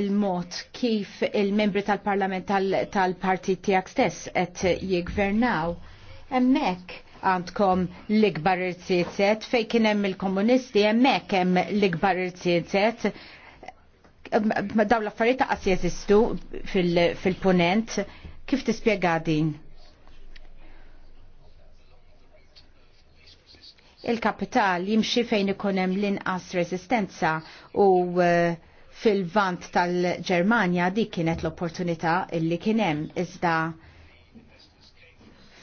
il-mod kif il-membri tal-parlament tal-partit -tal tiegħek stess qed jigvernaw. Hemmhekk għandkom l-ikbar irtsiet fej kien hemm il-komunisti hemmhekk hemm l-ikbar irtsiet daw l-affarijiet ta' qas jeżistu fil-punent, kif tispjega din? il-kapital jimxi fejn ikun hemm l-inqas resistenza u eh, fil-vant tal-Ġermanja dik kienet l-opportunità illi kien hemm iżda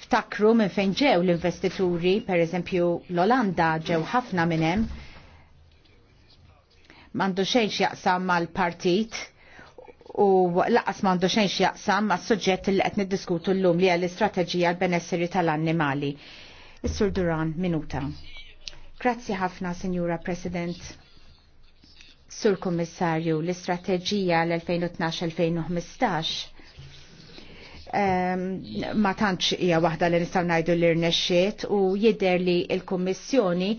ftakru minn fejn ġew l-investituri, pereżempju l-Olanda ġew ħafna minn hemm mandu xejn jaqsam mal-partit u laqas mandu xejn jaqsam ma' s-sujġet li qed niddiskutu llum li għall-istrateġija l-benesseri tal-annimali. Is-Sur Duran, minuta. Grazzi ħafna, Signora President. Sur Kommissarju, l-istrateġija l-2012-2015 ehm, ma tantx hija waħda li nistgħu ngħidu li rnexxiet u jidher li l-Kummissjoni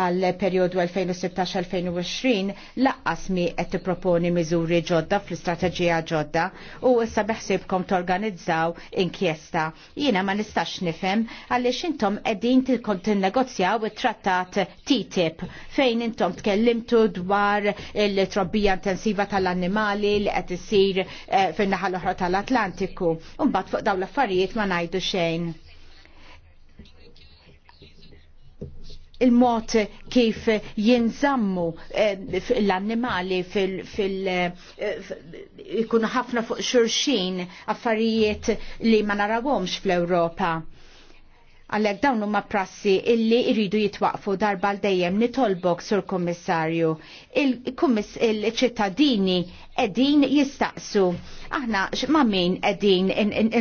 għal periodu 2016-2020 laqqas mi qed tipproponi miżuri ġodda fl-istrateġija ġodda u issa beħsibkom torganizzaw inkjesta. Jiena ma nistax nifhem għaliex intom qegħdin tilkom tinnegozjaw it-trattat TTIP fejn intom tkellimtu dwar il-trobbija intensiva tal-annimali li qed isir eh, fin-naħa l-oħra tal-Atlantiku. Mbagħad fuq dawn l-affarijiet ma ngħidu xejn il-mod kif jinżammu eh, l-annimali fil- eh, ikunu ħafna fuq xurxin affarijiet li ma narawhomx fl-Ewropa għallek dawn huma prassi illi iridu jitwaqfu darba l dejjem nitolbok sur kommissarju. Il-ċittadini edin jistaqsu. Aħna ma' min edin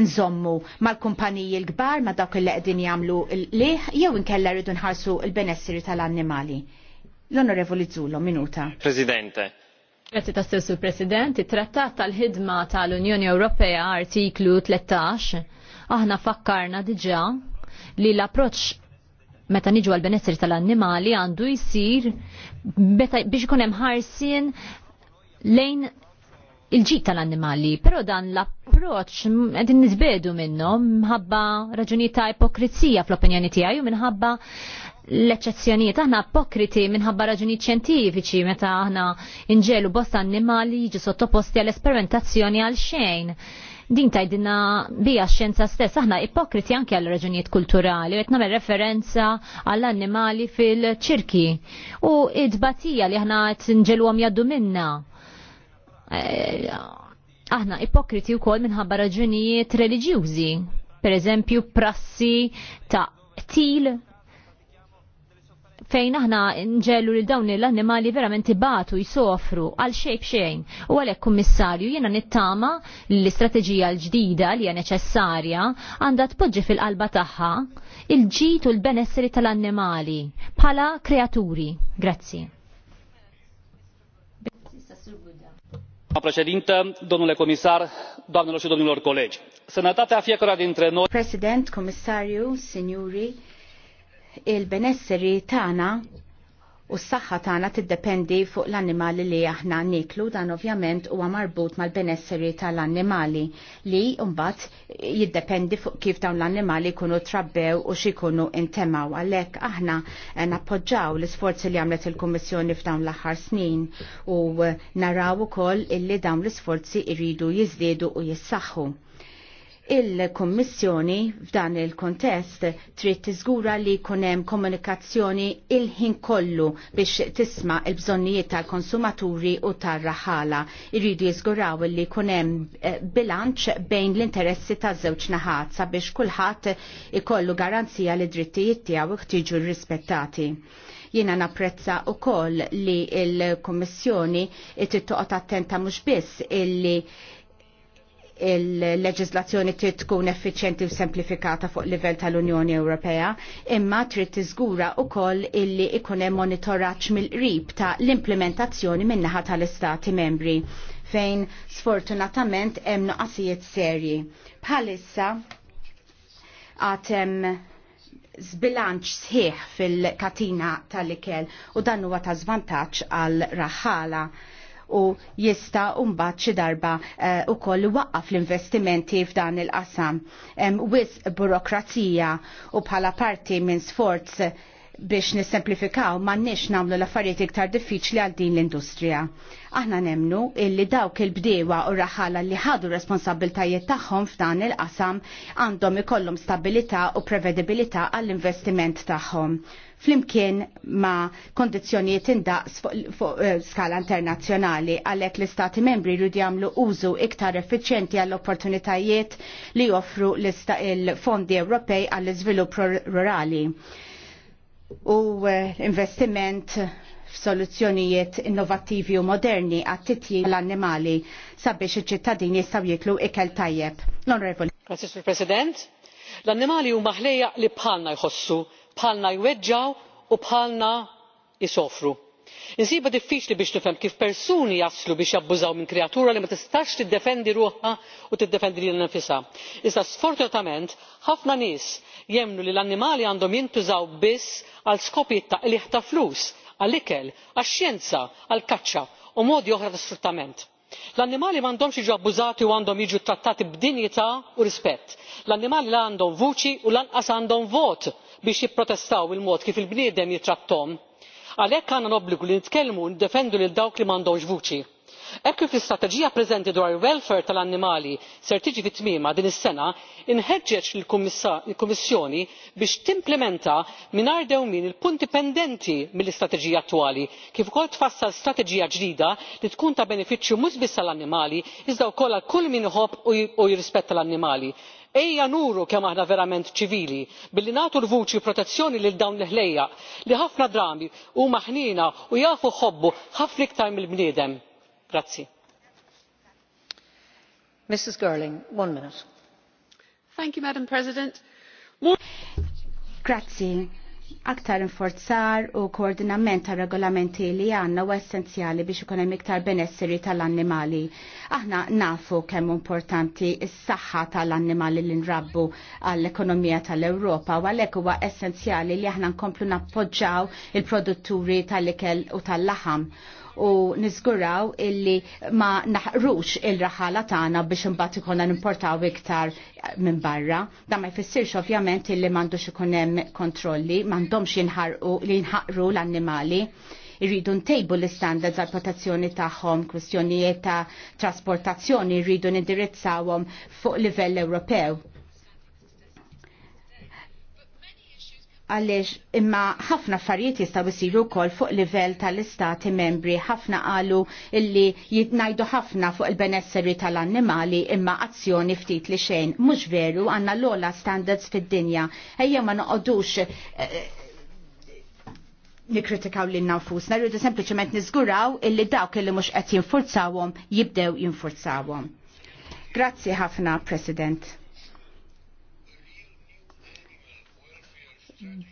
nżommu mal-kumpaniji l-kbar ma' dawk li edin jamlu liħ jew inkella rridu nħarsu l-benessiri tal-annimali. L-Onorevoli Zullo, minuta. Presidente, Grazie ta' stessu President, it-Trattat tal-ħidma tal-Unjoni Ewropea artiklu 13 aħna fakkarna diġa li l-approċ meta niġu għal benessri tal-annimali għandu jisir biex ikun hemm ħarsien lejn il-ġit tal-annimali, pero dan l-approċ għedin nizbedu minnom mħabba raġunijiet ta' ipokrizija fl-opinjoni tiegħi u minħabba l-eċezzjonijiet aħna apokriti minħabba raġunijiet ċentifiċi meta aħna inġelu bosta annimali jiġu sottoposti għall esperimentazzjoni għal xejn din tajdina bija xenza stess, aħna ipokriti anke għal raġunijiet kulturali, u għetna referenza għall-annimali fil-ċirki u id-batija li aħna t-nġelu jaddu minna. Eh, aħna ipokriti u kol minħabba raġunijiet religjużi, per eżempju prassi ta' til fejn aħna nġellu li dawn l-annimali verament ibatu jisofru għal xejn xejn. U għalhekk kummissarju jiena nittama l-istrateġija l-ġdida li hija neċessarja għandha tpoġġi fil-qalba tagħha il-ġid u l-benesseri tal-annimali bħala kreaturi. Grazzi. președintă domnule comisar doamnelor și domnilor colegi sănătatea fiecăruia dintre noi. president comisariu signori il-benesseri tagħna u s-saħħa tagħna tiddependi fuq l-annimali li aħna niklu dan ovvjament huwa marbut mal-benesseri tal-annimali li mbagħad jiddependi fuq kif dawn l-annimali jkunu trabbew u x'ikunu intemaw għalhekk aħna eh, nappoġġaw l-isforzi li għamlet il-Kummissjoni f'dawn l-aħħar snin u eh, naraw ukoll illi dawn l-isforzi jridu jiżdiedu u jissaħħu Il-Kommissjoni f'dan il-kontest trid tiżgura li jkun hemm komunikazzjoni il-ħin kollu biex tisma' il-bżonnijiet tal-konsumaturi u tar-raħala. Irridu jiżguraw li jkun hemm eh, bilanċ bejn l-interessi taż-żewġ naħat sabiex kulħadd ikollu garanzija li drittijiet tiegħu tiġu rispettati. Jiena napprezza ukoll li il-Kommissjoni it-toqgħod attenta mhux biss illi il-leġislazzjoni trid tkun effiċjenti u semplifikata fuq livell tal-Unjoni Ewropea, imma trid tiżgura wkoll illi ikun hemm monitoraġġ mill-qrib ta' l-implementazzjoni min-naħa tal-Istati membri fejn sfortunatament hemm noqasijiet serji. Bħalissa għad hemm zbilanċ sħiħ fil-katina tal-ikel u dan huwa ta' zvantaġġ għal raħħala u jista mbagħad xi darba eh, koll waqqaf l-investimenti f'dan il-qasam. Wis burokrazija u bħala parti minn sforz biex nissemplifikaw m'għandniex nagħmlu l-affarijiet iktar diffiċli għal din l-industrija. Aħna nemnu illi dawk il-bdewa u raħala li ħadu responsabiltajiet tagħhom f'dan il-qasam għandhom ikollhom stabilità u prevedibilità għall-investiment tagħhom flimkien ma kondizjonijiet indaqs fuq eh, skala internazzjonali għalhekk l-istati membri jridu jagħmlu użu iktar effiċjenti għall opportunitajiet li joffru l-fondi Ewropej għall iżvilupp rurali u eh, investiment f'soluzzjonijiet innovattivi u moderni għat-titji l-annimali sabiex iċ-ċittadini jistgħu jiklu ikel tajjeb. L-Onorevoli. Grazie, Sur President. L-annimali huma ħlejja li bħalna jħossu, bħalna jweġġaw u bħalna jisofru insiba diffiċli biex nifhem kif persuni jaslu biex jabbużaw minn kreatura li ma tistax tiddefendi ruħha u tiddefendi lilha nfisha. iżda sfortunatament ħafna nies jemmnu li l-annimali għandhom jintużaw biss għal skopijiet ta' qlieħ ta' flus għal ikel għax-xjenza għall kaċċa u modi oħra ta' sfruttament. l-annimali m'għandhomx jiġu abbużati u għandhom jiġu trattati b'dinjità u rispett. l-annimali la għandhom vuċi u lanqas għandhom vot biex jipprotestaw il mod kif il bniedem jitrattahom għalhekk għandna l-obbligu li nitkellmu u niddefendu lil dawk li m'għandhomx vuċi. hekk kif l-istrateġija preżenti dwar il-welfare tal-annimali ser tiġi fi tmiemha din is-sena inħeġġeġ lill-kummissjoni biex timplementa mingħajr dewmien il-punti pendenti mill-istrateġija attwali kif ukoll tfassal strateġija ġdida li tkun ta' benefiċċju mhux biss għall annimali iżda wkoll għal kull min iħobb u jirrispetta l annimali ejja nuru kemm aħna verament ċivili billi nagħtu l-vuċi protezzjoni lil dawn l ħlejja li ħafna drami huma ħnina u jafu ħobbu ħafna iktar mill bniedem. madam president aktar inforzar u koordinament ta' regolamenti li għanna u essenzjali biex ikun hemm iktar benesseri tal-annimali. Aħna nafu kemm importanti s-saħħa tal-annimali li nrabbu għall-ekonomija tal-Ewropa u għalhekk huwa essenzjali li aħna nkomplu nappoġġaw il-produtturi tal-ikel u tal-laħam u niżguraw illi ma naħrux il-raħala tagħna biex imbagħad ikollna nimportaw iktar minn barra. Da ma jfissirx ovvjament illi m'għandux ikun hemm kontrolli, m'għandhomx jinħarqu li jinħaqru l-annimali irridu ntejbu l-standards għal protezzjoni tagħhom, kwistjonijiet ta' trasportazzjoni rridu nindirizzawhom fuq livell Ewropew. għalliex imma ħafna affarijiet jistaw jsiru wkoll fuq livell tal-istati membri, ħafna qalu illi jitnajdu ħafna fuq il-benesseri tal-annimali imma azzjoni ftit li xejn. Mhux veru għandna l-ola standards fid-dinja, ejja ma noqogħdux eh, nikritikaw li nafusna, rridu sempliciment nizguraw illi dawk illi mux qed jinfurzawhom jibdew jinfurzawhom. Grazzi ħafna, President.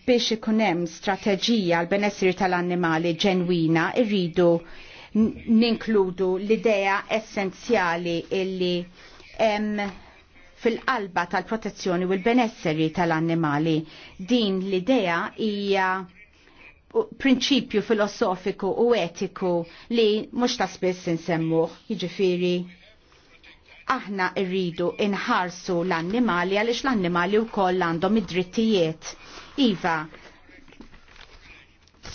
biex ikunem strateġija għal benessri tal-annimali ġenwina irridu ninkludu l-idea essenzjali illi em, fil-qalba tal-protezzjoni u l-benesseri tal-annimali. Din l-idea hija prinċipju filosofiku u etiku li mhux ta' spiss insemmuh, jiġifieri aħna rridu inħarsu l-annimali għaliex l-annimali wkoll għandhom id-drittijiet Iva,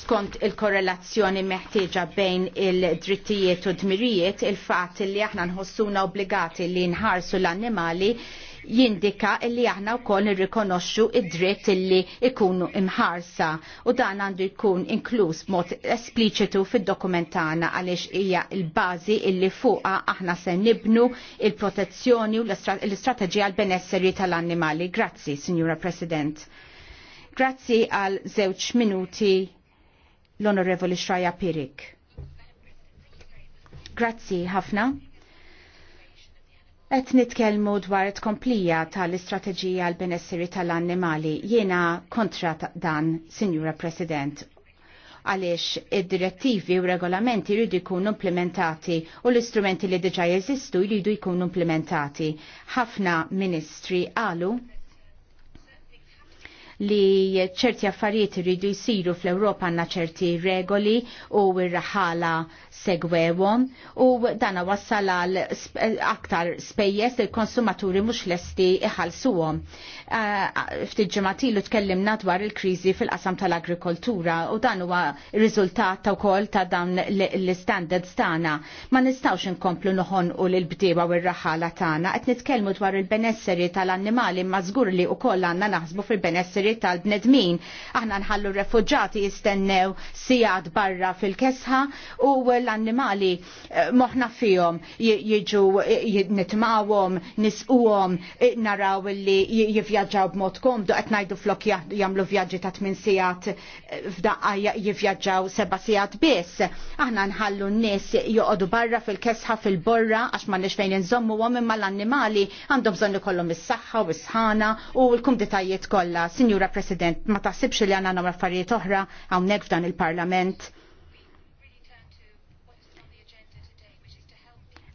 skont il-korrelazzjoni meħtieġa bejn il-drittijiet u dmirijiet, il-fat li aħna nħossuna obbligati li nħarsu l-annimali jindika li aħna wkoll nirrikonoxxu id-dritt li ikunu imħarsa u dan għandu jkun inkluż mod espliċitu fid-dokumentana għaliex hija l-bażi illi fuqha aħna se nibnu il-protezzjoni u l-istrateġija l benesseri tal-annimali. Grazzi, Signora President. Grazzi għal żewġ minuti l-Onorevoli Xraja Pirik. Grazzi ħafna. Et nitkelmu dwar tkomplija tal-istrateġija għal benessiri tal-annimali. Jiena kontra dan, Signora President, għaliex id-direttivi u regolamenti jridu jkunu implementati u l-istrumenti li diġa jeżistu jridu jkunu implementati. Ħafna ministri għalu li ċerti affarijiet iridu jsiru fl-Ewropa għandna ċerti regoli u r-raħala segwewhom u dana wassal għal aktar spejjeż il-konsumaturi mhux lesti iħallsuhom. Eh, ftit ġematilu tkellimna dwar il-kriżi fil-qasam tal-agrikoltura u dan huwa riżultat ta' wkoll ta' dawn l-standards tagħna. Ma nistgħux inkomplu noħonqu l-bdiewa u r-raħala tagħna qed nitkellmu dwar il-benesseri tal-annimali ma żgur li wkoll għandna naħsbu fil-benesseri dritt tal-bnedmin. Aħna nħallu refugġati jistennew sijad barra fil-kesħa u l-annimali eh, moħna fihom jiġu eh, nitmawhom, nisquhom, eh, naraw li jivvjaġġaw b'mod komdu qed ngħidu flok jagħmlu vjaġġi ta' tmien sigħat f'daqqa jivvjaġġaw seba' sigħat biss. Aħna nħallu n-nies joqogħdu barra fil-kesħa fil-borra għax ma' fejn inżommuhom imma l-annimali għandhom bżonn ikollhom is-saħħa u s-ħana u l-kumditajiet kollha. Sinjura President, ma taħsibx li għanna affarijiet oħra hawnhekk f'dan il-Parlament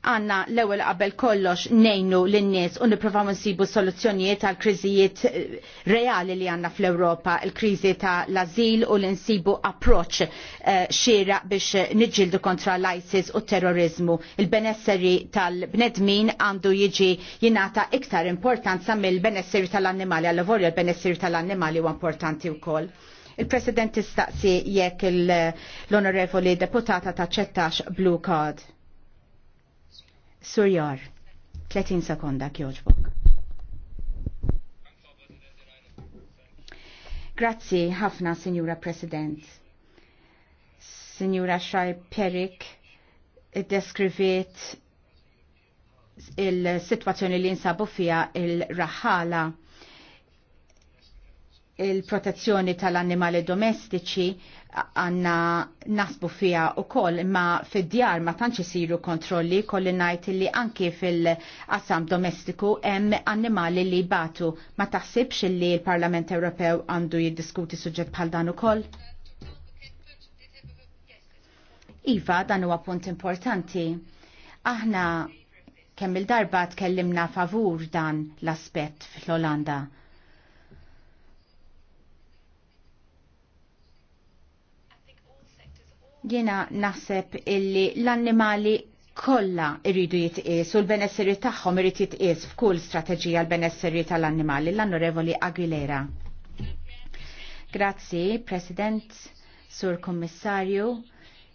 għanna l-ewel qabel kollox nejnu l-nies u niprofaw nsibu soluzzjonijiet għal kriżijiet eh, reali li għanna fl-Europa, il-kriżi ta' l-azil u l-insibu approċ eh, xira biex nġildu kontra l-ISIS u terrorizmu. Il-benesseri tal-bnedmin għandu jiġi jinata iktar importanza mill-benesseri tal-annimali, għal vorja il-benesseri tal-annimali u importanti u koll. Il-President istaqsi jekk l-Onorevoli Deputata taċċettax Blue Card. Surjar, 30 sekonda kjoġbok. Grazzi ħafna, Signora President. Signora Shai Perik deskriviet il-situazzjoni li nsabu fija il-raħala il-protezzjoni tal-annimali domestiċi għanna nasbu fija u koll imma fid-djar ma tantx isiru kontrolli kolli najt li anki fil qasam domestiku hemm annimali li batu ma taħsibx li l-Parlament Ewropew għandu jiddiskuti suġġett bħal dan ukoll? Iva, dan huwa punt importanti. Aħna kemm il-darba tkellimna favur dan l-aspett fl-Olanda Jena naħseb illi l-annimali kollha irridu jitqis u l-benesseri tagħhom irid jitqies f'kull strateġija l-benesseri tal-annimali l annorevoli Aguilera. Grazzi, President, Sur Kommissarju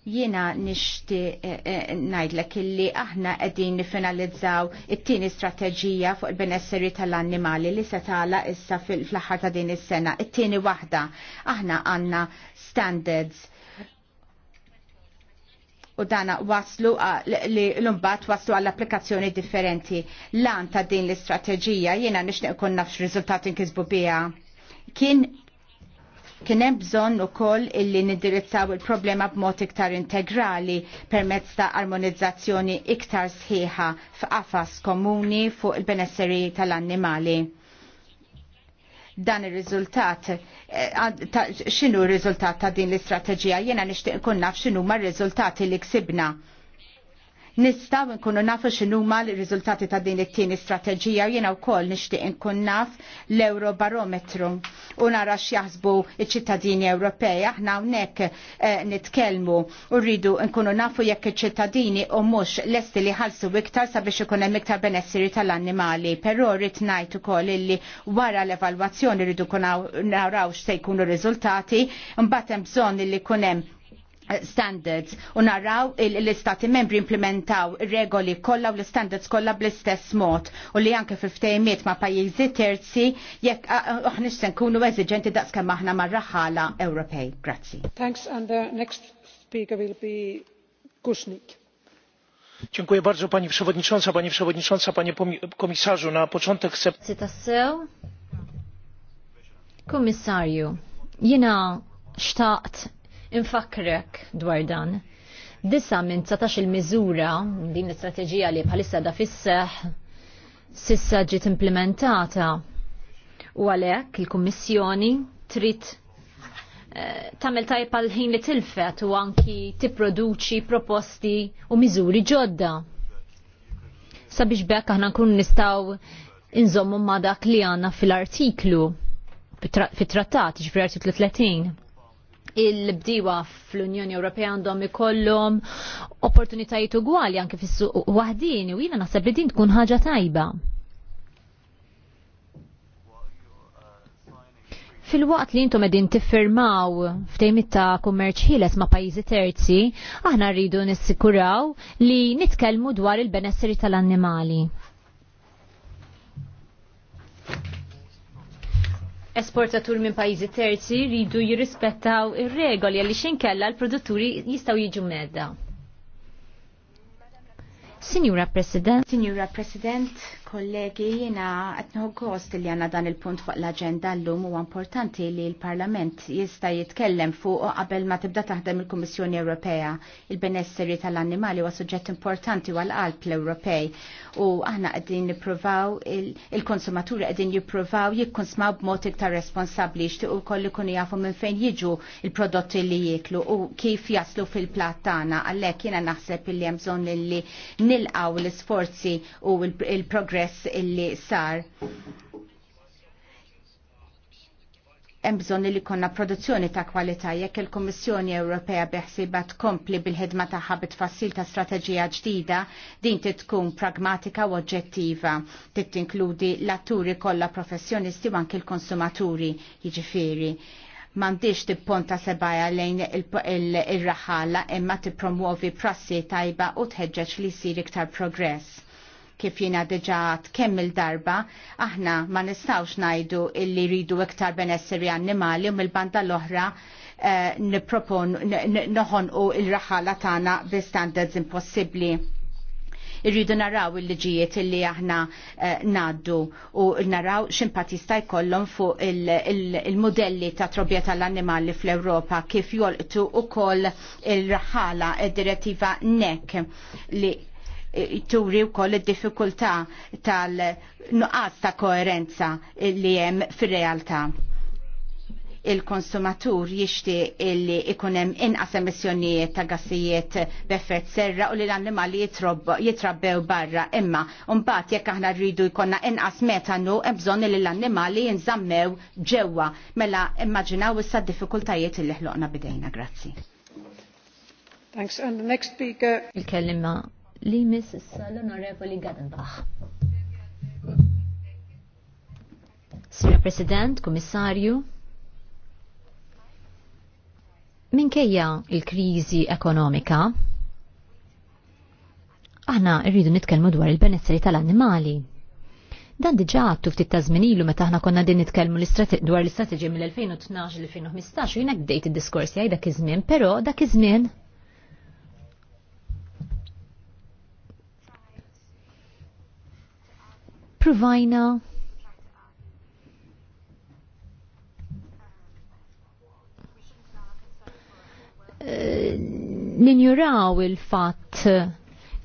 jiena nishti eh, eh najdlek illi aħna qegħdin nifinalizzaw it-tieni strateġija fuq il-benesseri tal-annimali li se tala issa fl-aħħar ta' din is-sena, it-tieni waħda. Aħna għandna standards u dana waslu li l-umbat waslu għall-applikazzjoni differenti. Lan ta' din l-istrateġija jena nixneq kun nafx rizultati nkisbu bija. Kien kien hemm bżonn ukoll illi nindirizzaw il-problema b'mod iktar integrali permezz ta' armonizzazzjoni iktar sħiħa f'qafas komuni fuq il-benesseri tal-annimali dan ir-riżultat eh, x'inhu r-riżultat ta' din l-istrateġija jiena nixtieq nkun naf x'inhu ma' riżultati li ksibna nistaw nkunu nafu x'inhuma l-riżultati ta' din it-tieni strateġija jiena wkoll nixtieq nkun naf l-Eurobarometru u nara x'jaħsbu iċ-ċittadini Ewropej aħna hawnhekk eh, nitkellmu u rridu nkunu nafu jekk iċ-ċittadini u mhux lesti li ħalsu iktar sabiex ikun hemm iktar benessiri tal-annimali, però rrid ngħid ukoll illi wara l-evalwazzjoni rridu naraw x'se jkunu r-riżultati, mbagħad hemm bżonn li jkun hemm Eh, standards u narraw l-istati membri implementaw regoli kollha u l-standards kollha bl-istess mod u li anke fil-ftejmiet ma' pajjiżi terzi jekk ah, ah, aħniex kunu nkunu daqs daqskemm aħna mar-raħala Ewropej. Grazzi. Thanks and the next speaker will be Kusnik. Dziękuję bardzo Pani Przewodnicząca, Pani Przewodnicząca, Panie Komisarzu. Na początek chcę... Cytaseł? Komisarju, jina xtaqt infakrek dwar dan. Disa minn 19 il-miżura din l-istrateġija li bħalissa da fisseħ sissa ġiet implementata u għalhekk il-Kummissjoni trid eh, tamil tajpa l-ħin li tilfet u anki tipproduċi proposti u miżuri ġodda. Sabiex bekk aħna nkun nistaw inżommu ma dak li għanna fil-artiklu fit-trattat, ġifri artiklu 30 il-bdiwa fl-Unjoni Ewropea għandhom ikollhom opportunitajiet ugwali anke fis-suq waħdin u jiena naħseb li din tkun ħaġa tajba. fil-waqt li intom edin tiffirmaw f'tejmit ta' kummerċ ħieles ma' pajjiżi terzi, aħna rridu nissikuraw li nitkellmu dwar il-benesseri tal-annimali esportatur minn pajizi terzi jridu jirrispettaw ir-regoli għaliex inkella l-produtturi jistgħu jiġu medda. Signora President. Signora President kollegi, jina għetnħu għost li għanna dan il-punt fuq l-agenda l-lum u importanti li l-Parlament jista jitkellem fuq qabel ma tibda taħdem il-Kommissjoni Ewropea. Il-benesseri tal-annimali huwa suġġett importanti għal qalb l-Ewropej u aħna qegħdin nippruvaw il-konsumaturi qegħdin jippruvaw jikkonsmaw b'mod iktar responsabbli u kolli kun jafu minn fejn jiġu il-prodotti li jiklu u kif jaslu fil-plat tagħna għalhekk jiena naħseb li hemm bżonn li nilqaw l-isforzi u l-progress progress illi sar hemm bżonn li konna produzzjoni ta' kwalità jekk il-Kummissjoni Ewropea beħsiba tkompli bil-ħidma tagħha bit-tfassil ta' strateġija ġdida din tkun pragmatika u oġġettiva. Tit tinkludi l-atturi kollha professjonisti u anke l-konsumaturi jiġifieri. M'għandix tipponta sebaja lejn ir-raħala imma tippromuovi prassi tajba u tħeġġeġ li jsir iktar progress kif jiena diġa kemm il-darba, aħna ma nistawx najdu illi ridu iktar benesseri annimali u mill-banda l-oħra eh, nipropon noħon u il-raħala tagħna bi standards impossibbli. Irridu naraw il-liġijiet illi aħna eh, naddu u naraw ximpatista jkollhom fuq il-modelli ta' trobja tal-annimali fl-Ewropa kif jolqtu ukoll il-raħala id-direttiva NEC li turi wkoll id-diffikultà tal-nuqqas ta' koerenza li hemm fir-realtà il-konsumatur jixti illi ikunem inqas emissjonijiet ta' gassijiet b'effett serra u li l-annimali jitrabbew barra imma mbagħad jekk aħna rridu jkollna inqas metanu hemm bżonn li l-annimali jinżammew ġewwa mela immaġinaw issa d-diffikultajiet illi ħloqna bidejna grazzi. Thanks and the next speaker. Il-kellima li miss l-Onorevoli Gadenbach. Sira President, Komissarju, minkejja il-kriżi ekonomika, aħna rridu nitkellmu dwar il benessri tal-annimali. Dan diġa għattu ftit ta' żminilu meta aħna konna din nitkellmu dwar l-istrateġija mill-2012 l-2015 jiena gdejt id-diskors jgħid dak iż-żmien, però dak iż-żmien provajna eh, ninjuraw il-fat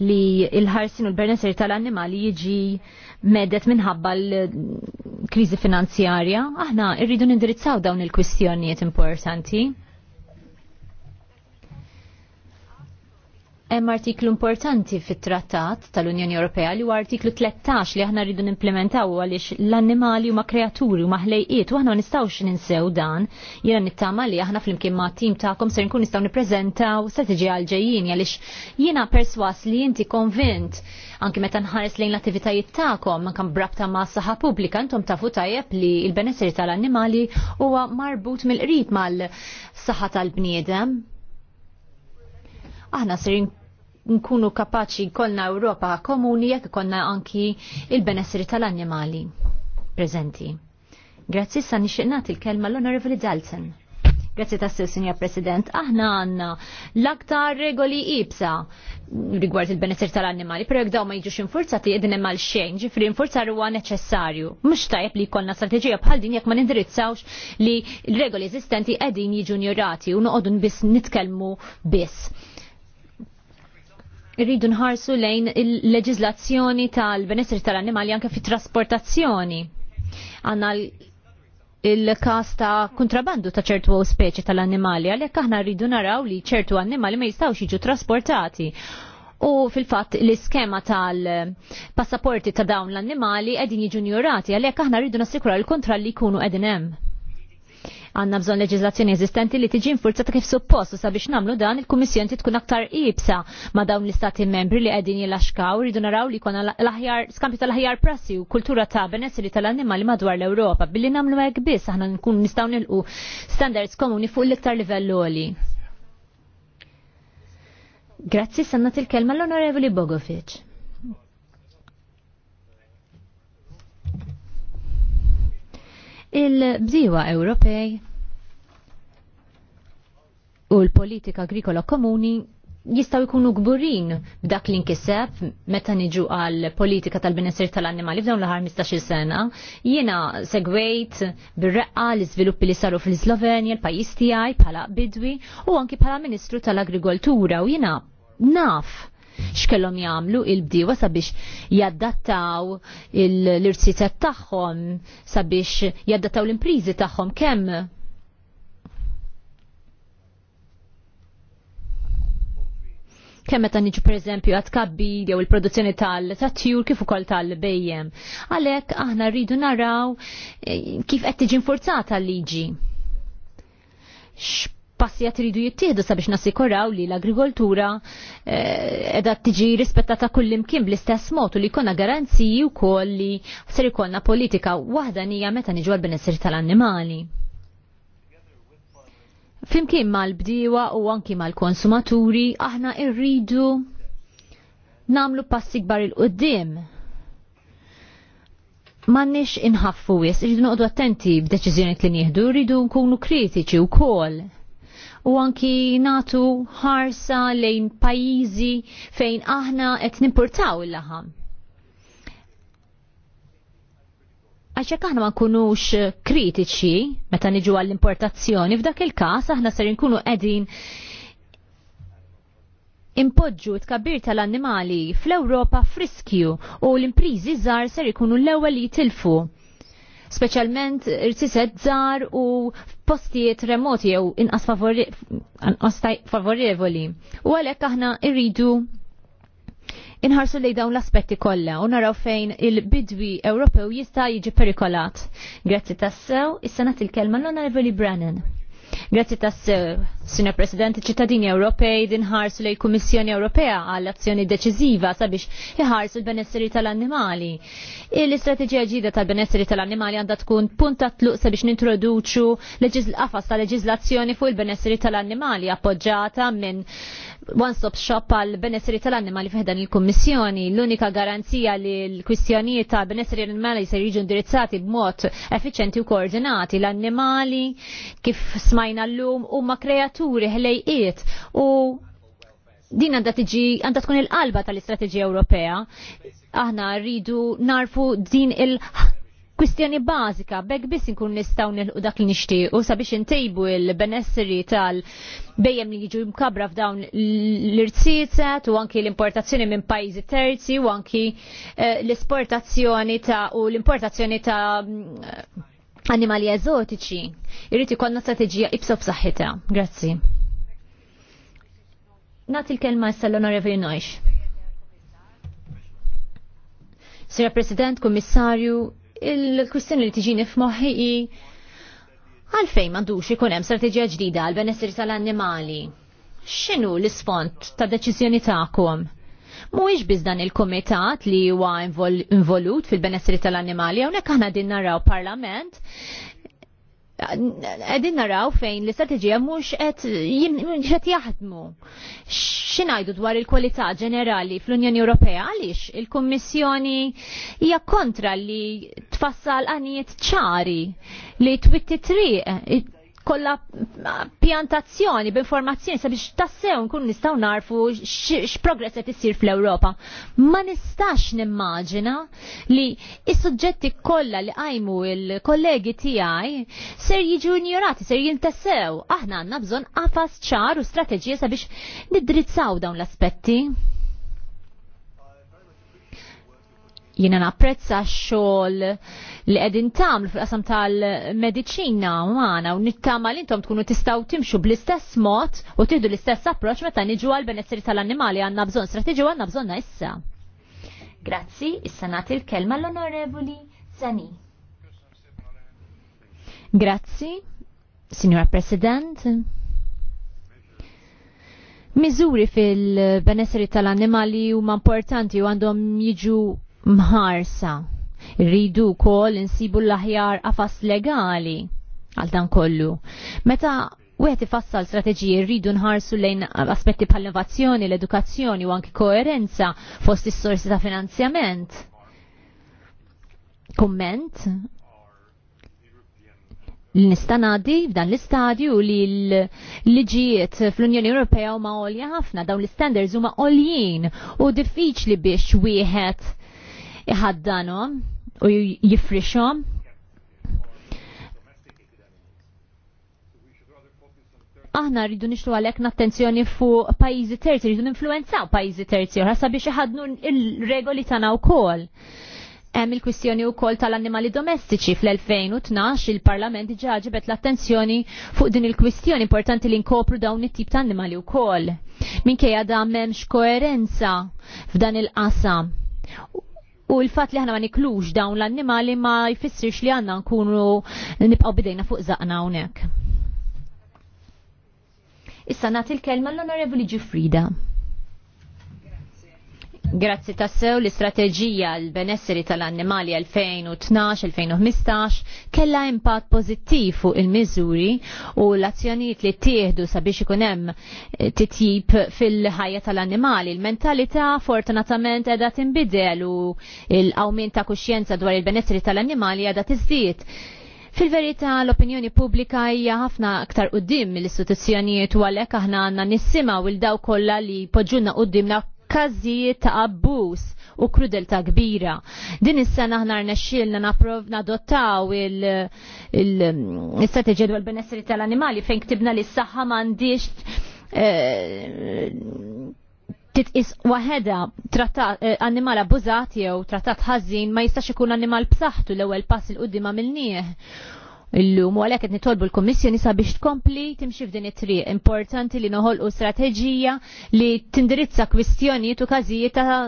li il-ħarsin u l-bernesser tal-annimali jiġi medet minħabba l-krizi finanzjarja, aħna irridu nindirizzaw dawn il-kwistjonijiet importanti. Hemm artiklu importanti fit-Trattat tal-Unjoni Ewropea li huwa artiklu 13 li aħna rridu nimplementaw għaliex l-annimali huma kreaturi huma ħlejqiet u aħna nistgħux ninsew dan. Jiena nittama li aħna flimkien ma' tim tagħkom ser nkun nistgħu nippreżentaw strateġija għal ġejjin għaliex jiena perswas li inti konvint anki meta nħares lejn l-attivitajiet tagħkom anke brabta ma' saħa pubblika intom tafu tajjeb li l-benesseri tal-annimali huwa marbut mill-qrib mal-saħħa tal-bniedem. Aħna serin nkunu kapaċi kolna Ewropa komuni jekk konna anki il-benessri tal-annimali prezenti. Grazzi sa nixinat il-kelma l-Onorevoli Dalton. Grazzi ta' Sinja President. Aħna għanna l-aktar regoli ibsa rigward il-benessir tal-annimali, pero jek daw ma jiġux infurzati id hemm xejn, ġifri infurzar huwa neċessarju. Mhux tajjeb li jkollna strateġija bħal din jekk ma nindirizzawx li l-regoli eżistenti qegħdin jiġu njorati u noqogħdu biss nitkellmu biss irridu nħarsu lejn il-leġizlazzjoni tal-benessri tal-animali anke fit trasportazzjoni. Għanna il-kas ta' kontrabandu ta' ċertu speċi tal-animali, għalhekk aħna rridu naraw li ċertu animali ma jistgħux jiġu trasportati. U fil-fatt l-iskema tal-passaporti ta' dawn l-annimali qegħdin jiġu njurati, għalhekk aħna rridu nasikura l kontrolli jkunu qegħdin hemm. Għanna bżon leġizlazzjoni eżistenti li tiġi infurza ta' kif suppost u sabiex namlu dan il-Kummissjoni tkun aktar ibsa ma' dawn l-istati membri li qegħdin jilaxkaw rridu naraw li jkun l-aħjar skampju tal-aħjar prassi u kultura ta' benesseri tal-annimali madwar l-Ewropa billi namlu hekk biss aħna nkun nistgħu nilqu standards komuni fuq l-iktar livell għoli. Grazzi sannat il-kelma l-Onorevoli Bogovic. il-bdiewa Ewropej u l-politika agrikola komuni jistaw ikunu gburin b'dak li nkiseb meta niġu għal politika tal-benessir tal-annimali f'dawn l-ħar 15 sena. Jiena segwejt bir-reqqa l-iżviluppi li saru fl-Slovenja, l-pajjiż tiegħi bħala bidwi u anki bħala Ministru tal-Agrikoltura u jiena naf xkellom jagħmlu il-bdiewa sabiex jaddattaw l-irsitet tagħhom, sabiex jaddattaw l-imprizi tagħhom kemm kemm meta niġu pereżempju għat kabbid jew il-produzzjoni tal-tattjur kif ukoll tal-bejjem. Għalhekk aħna rridu naraw eh, kif qed tiġi nfurzata l-liġi passi għat ridu jittieħdu sabiex nasikuraw li l-agrikoltura eh, edha tiġi rispettata kullimkien bl-istess mod u li jkollna garanziji wkoll li ser ikollna politika waħda nija meta niġu għal-benessir tal-annimali. Fimkien mal-bdiewa u anki mal-konsumaturi aħna irridu namlu passi gbar il-qoddim mannix inħaffu wis, rridu noqdu attenti b'deċiżjoniet li nieħdu, rridu nkunu kritiċi wkoll u anki natu ħarsa lejn pajizi fejn aħna qed nimpurtaw il-laħam. għaxek aħna ma nkunux kritiċi meta niġu għall-importazzjoni, f'dak il-kas aħna ser nkunu qegħdin impoġġu tkabbir tal-annimali fl-Ewropa friskju u l-imprizi żgħar ser ikunu l-ewwel li jitilfu specialment irtiset żar u postijiet remoti jew inqas favorevoli. U għalhekk aħna irridu inħarsu lej dawn l-aspetti kollha u naraw fejn il-bidwi Ewropew jista' jiġi perikolat. Grazzi tassew, is-sena il-kelma l-Onorevoli Brannan. Grazzi tas Sina President, ċittadini Ewropej dinħarsu lej Kummissjoni Ewropea għall azzjoni deċiżiva sabiex iħarsu l-benesseri tal-annimali. L-istrateġija ġdida tal-benesseri tal-annimali għandha tkun punta tluq sabiex nintroduċu qafas ta' leġiżlazzjoni fuq il-benesseri tal-annimali appoġġata minn one-stop shop għal benessri tal-annimali fiħdan il-Kommissjoni. L-unika garanzija li l-kwistjonijiet ta' benessri l-annimali se jiġu indirizzati b'mod effiċenti u koordinati. L-annimali kif smajna l-lum huma kreaturi ħlejqiet u din għandha tiġi għandha tkun il-qalba tal-istrateġija Ewropea. Aħna rridu narfu din il- kwistjoni bażika bekk biss inkun nistgħu nilqu dak li nixtiequ sabiex intejbu il-benesseri tal bejjem li jiġu mkabra f'dawn l-irtizet u anki l-importazzjoni minn pajjiżi terzi u anki eh, l-esportazzjoni ta' u l-importazzjoni ta' eh, animali eżotiċi. Irrid ikollna strateġija ibsa b'saħħitha. Grazzi. Nagħti l-kelma issa l-Onorevoli Noix. Sera President, Kummissarju, il-kwistjoni li tiġini f'moħħi għalfejn m'għandux ikun hemm strateġija ġdida għal benessir tal-annimali. X'inhu l-isfond ta' deċiżjoni tagħkom? Mhuwiex biż dan il-kumitat li huwa involut fil benessri tal-annimali hawnhekk aħna din naraw parlament għedin naraw fejn l istrategija mux għed jaħdmu. Xinajdu dwar il kualità ġenerali fl-Unjoni Ewropea għalix il-Kommissjoni hija kontra li tfassal għanijiet ċari li twitti triq kollha pjantazzjoni b'informazzjoni sabiex tassew nkunu nistgħu narfu x'progress qed issir fl-Ewropa. Ma nistax nimmaġina li s-suġġetti kollha li qajmu il-kollegi tiegħi ser jiġu injorati, ser jintassew. Aħna għandna bżonn qafas ċar u strateġija sabiex nidrizzaw dawn l-aspetti. Jiena napprezza x-xogħol li qegħdin tagħmlu fil-qasam tal medicina magħna u nittama li intom tkunu tistgħu timxu bl-istess mod u tieħdu l-istess approċċ meta niġu għal benessiri tal-annimali għandna bżonn strateġija għandna bżonna issa. Grazzi, issa nagħti l-kelma l-Onorevoli Zani. Grazzi, Signora President. Miżuri fil-benesseri tal-annimali huma importanti u għandhom jiġu mħarsa. Rridu kol insibu l-aħjar għafas legali għal dan kollu. Meta Wieħed ifassal strateġiji rridu nħarsu lejn aspetti bħal innovazzjoni, l-edukazzjoni u anki koerenza fost is-sorsi ta' finanzjament. Komment? L-nistanadi f'dan l-istadju li l-liġijiet fl-Unjoni Ewropea huma għolja ħafna dawn l-standards huma għoljin u diffiċli biex wieħed iħaddanom u jifrixom. aħna rridu nixlu għalek n-attenzjoni fuq pajizi terzi, rridu n-influenzaw pajizi terzi, oħra sabiex iħadnu il-regoli tana u kol. Hemm il-kwistjoni wkoll tal-annimali domestiċi fl-2012 il-Parlament ġaġibet l-attenzjoni fuq din il-kwistjoni importanti li nkopru dawn it-tip ta' annimali wkoll. Minkejja da m'hemmx koerenza f'dan il-qasam. U l-fat li ħana ma niklux dawn l-annimali ma jfissirx li għanna nkunu nipqaw bidejna fuq zaqna unek. Issa nagħti l-kelma l-Onorevoli Ġifrida. Grazzi tassew l-istrateġija l-benesseri tal-annimali 2012-2015 kella impatt pozittiv fuq il-miżuri u l-azzjonijiet li tieħdu sabiex ikun hemm eh, titjib fil-ħajja tal-annimali. Il-mentalità fortunatament qiegħda tinbidel u l-awmin ta' kuxjenza dwar il-benesseri tal-annimali qiegħda tiżdied. Fil-verità l-opinjoni pubblika hija ħafna aktar qudiem mill-istituzzjonijiet u għalhekk aħna għandna nissimgħu il daw kollha li poġġunna qudiemna każijiet ta' abbuż u krudelta kbira. Din is-sena aħna rnexxielna napprovna nadottaw il-istrateġija dwar benessri tal-animali fejn ktibna li s-saħħa m'għandix eh, titqis waħeda trattat eh, animal abbużat jew trattat ħażin ma jistax ikun animal b'saħħtu l-ewwel pass il mill-nieħ illum u għalhekk qed nitolbu l-Kummissjoni sabiex tkompli timxi f'din it-triq importanti li noħolqu strateġija li tindirizza kwistjonijiet u każijiet ta'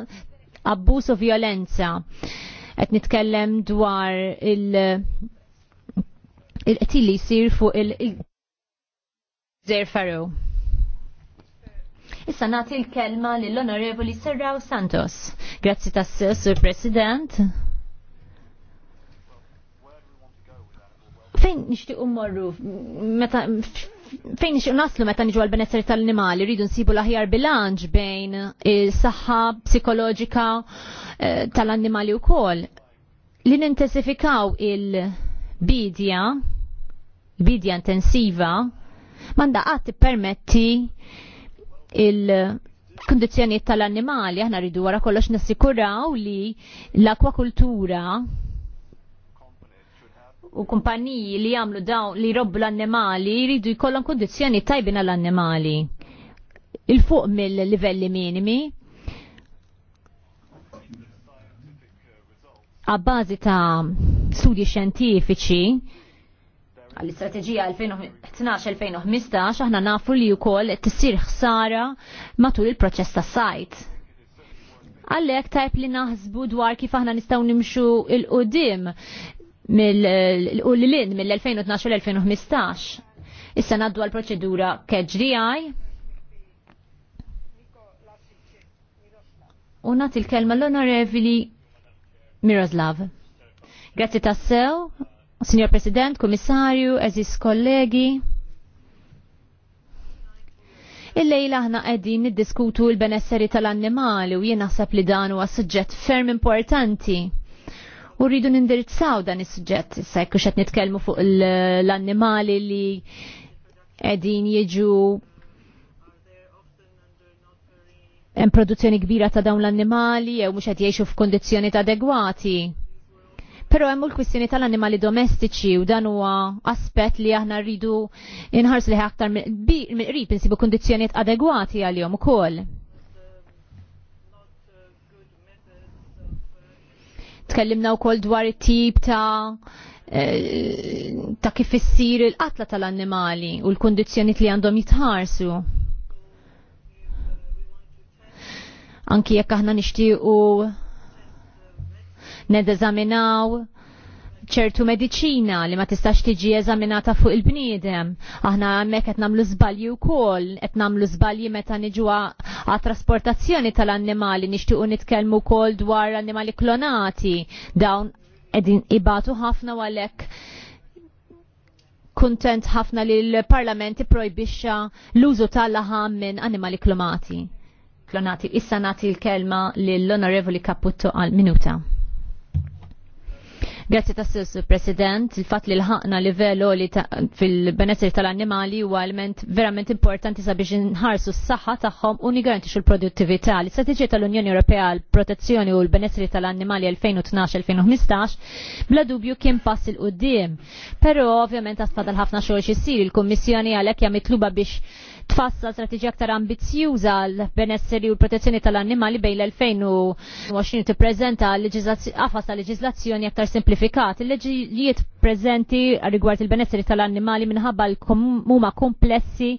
abbuż u violenza. Qed nitkellem dwar il- il-qtil li jsir fuq il- Zer Farrow. Issa nagħti l-kelma lill-Onorevoli Serraw Santos. Grazzi tas-Sur President. fejn nixtiequ morru meta fejn nixtiequ naslu meta niġu għal-benesseri tal-animali, rridu nsibu l-aħjar bilanċ bejn is-saħħa psikoloġika eh, tal-annimali wkoll. Li nintensifikaw il-bidja, bidja intensiva, manda qatt permetti il- kondizjoniet tal-annimali, aħna rridu wara kollox nassikuraw li l-akwakultura u kumpaniji li jagħmlu dawn li jrobbu l-annimali jridu jkollhom kondizjoni tajbin għall-annimali. Il-fuq mill-livelli minimi. Għabbażi ta' studji xjentifiċi għall-istrateġija 2012-2015 aħna nafu li wkoll tissir ħsara matul il-proċess ta' sajt. Għallek tajb li naħsbu dwar kif aħna nistgħu nimxu il-qudiem mill-lin mill-2012 l-2015. Issa naddu għal proċedura KGI. U il-kelma l-onorevili Miroslav. Grazzi tassew, Signor President, Komissarju, eżis kollegi. Il-lejla ħna qegħdin niddiskutu l-benesseri tal-annimali u jien naħseb li dan huwa suġġett ferm importanti u rridu nindirizzaw dan is-suġġett issa jekk qed nitkellmu fuq l-annimali li qegħdin jiġu hemm produzzjoni kbira ta' dawn l-annimali jew mhux qed jgħixu f'kundizzjoni adegwati. Però hemm il-kwistjoni tal-annimali domestiċi u dan huwa aspett li aħna rridu inħarsu li aktar mill-qrib insibu kundizzjonijiet adegwati għalihom ukoll. Tkellimna wkoll dwar it-tip ta' eh, ta' kif issir il-qatla tal-annimali u l-kondizjoni li għandhom jitħarsu. Anki jekk aħna nixtiequ nedeżaminaw ċertu medicina li ma tistax tiġi eżaminata fuq il-bniedem. Aħna hemmhekk qed nagħmlu żbalji wkoll, qed nagħmlu żbalji meta niġu għat-trasportazzjoni tal-annimali, nixtiequ nitkellmu wkoll dwar annimali klonati, dawn qegħdin ibatu ħafna għalhekk kuntent ħafna li l-Parlament projbixxa l-użu tal-laħam minn annimali klonati. Klonati, issa nagħti l-kelma lill-Onorevoli Kaputtu għal minuta. Grazzi ta' Sus President, il fatt li l-ħakna livello li fil benessri tal-annimali u għalment verament importanti sabiex nħarsu s-saħħa tagħhom u nigaranti l-produttività. L-istrateġija tal-Unjoni Ewropea għal-protezzjoni u l benessri tal-annimali 2012-2015 bla dubju kien pass il-qudiem. Però ovvjament għatfadal ħafna xogħol xissir il-Kummissjoni għalhekk hija mitluba biex tfassa strategija aktar ambizjuża l-benesseri u l-protezzjoni tal-annimali bejn l-2020 tippreżenta għafas ta' leġislazzjoni aktar simplifikat. Il-leġijiet prezenti rigward il-benesseri tal-annimali minħabba l-komuma komplessi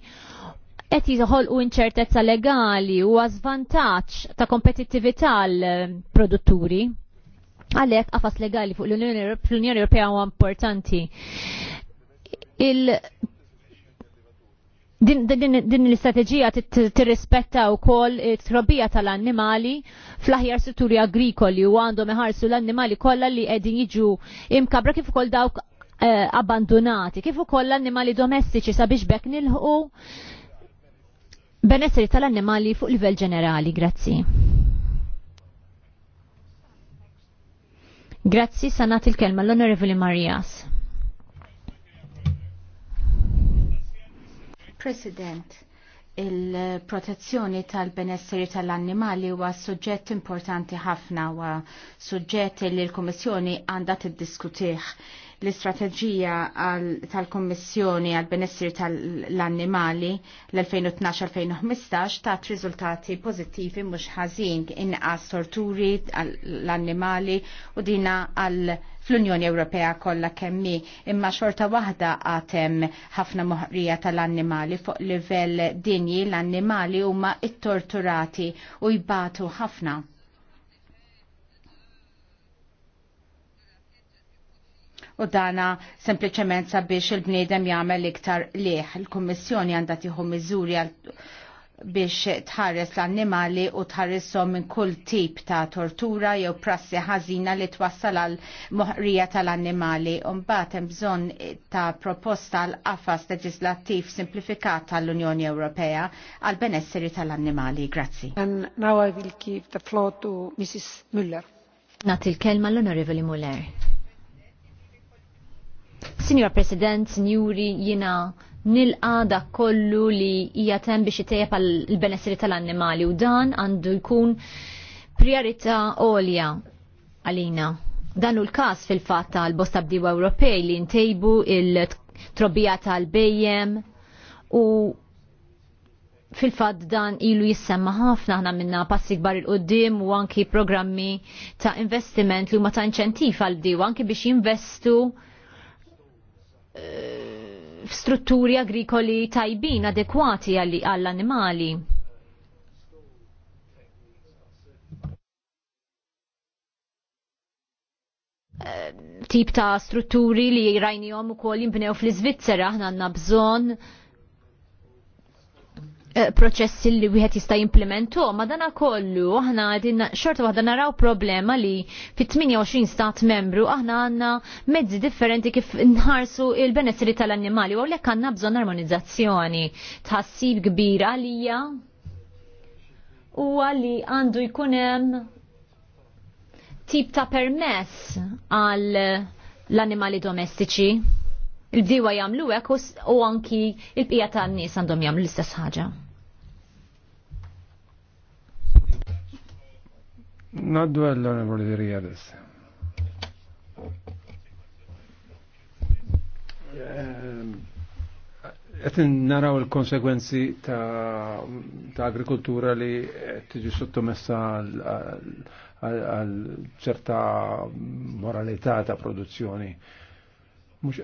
qed jiżħol u inċertezza legali u għazvantaċ ta' kompetittività l-produtturi. Għalhekk għafas legali fuq l-Unjoni Ewropea huwa importanti il din l-istrateġija u wkoll it robija tal-annimali fl-aħjar situri agrikoli u għandhom iħarsu l-annimali kollha li qegħdin jiġu imkabra kif ukoll dawk eh, abbandonati, kif ukoll l-annimali domestiċi sabiex bekk nilħu benessri tal-annimali fuq livell ġenerali. Grazzi. Grazzi sanat il-kelma l-Onorevoli Marias. President, il-protezzjoni tal-benesseri tal-annimali huwa suġġett importanti ħafna wa suġġett li l-Kummissjoni għandha tiddiskutih l-istrateġija tal-Kommissjoni għal benessir tal-annimali l-2012-2015 tat riżultati pozittivi mhux ħażin inqas torturi l-annimali u dina għal fl-Unjoni Ewropea kollha kemmi imma xorta waħda għatem ħafna moħrija tal-annimali fuq livell dinji l-annimali huma it-torturati u jbatu ħafna u dana sempliċement sabiex il-bniedem jagħmel iktar liħ. Il-Kummissjoni għandha tieħu miżuri biex tħares l-annimali u tħarrishom minn kull tip ta' tortura jew prassi ħażina li twassal għal moħrija tal-annimali. Umbagħad hemm bżonn ta' proposta għal qafas leġislattiv simplifikat tal-Unjoni Ewropea għal benesseri tal-annimali. Grazzi. And now I will give the floor to Mrs. Müller. Nagħti l-kelma l-Onorevoli Muller. Signor President, signori, jina nilqa dak kollu li hija tem biex itejjeb għall-benessri tal-annimali u dan għandu jkun priorita għolja għalina. Dan u l-kas fil-fat tal-bosta bdiwa Ewropej li ntejbu il trobija tal-bejjem u fil-fat dan ilu jissemma ħafna ħna minna passi gbar il-qoddim u anki programmi ta' investiment li huma ta' inċentif għal bdiwa anki biex jinvestu Eh, strutturi agrikoli tajbin adekwati għall-animali. Eh, tip ta' strutturi li jirajnijom u kol jimbnew fl-Svizzera, ħna għanna bżon Eh, proċessi li wieħed jista' jimplementu, ma dana kollu aħna din xorta waħda naraw problema li fit-28 stat membru aħna għandna mezzi differenti kif nħarsu il-benessri tal-annimali u għalhekk għandna bżonn armonizzazzjoni tħassib kbir għalija u għalli għandu jkun hemm tip ta' permess għal l-annimali domestiċi il-bdiwa jamlu hekk u anki il-bqija tan-nies għandhom jagħmlu l-istess ħaġa. Naddu għall-onorevoli Riades. Qed eh, naraw il-konsekwenzi ta' agrikoltura li tiġi sottomessa għal ċerta moralità ta' produzzjoni. Mux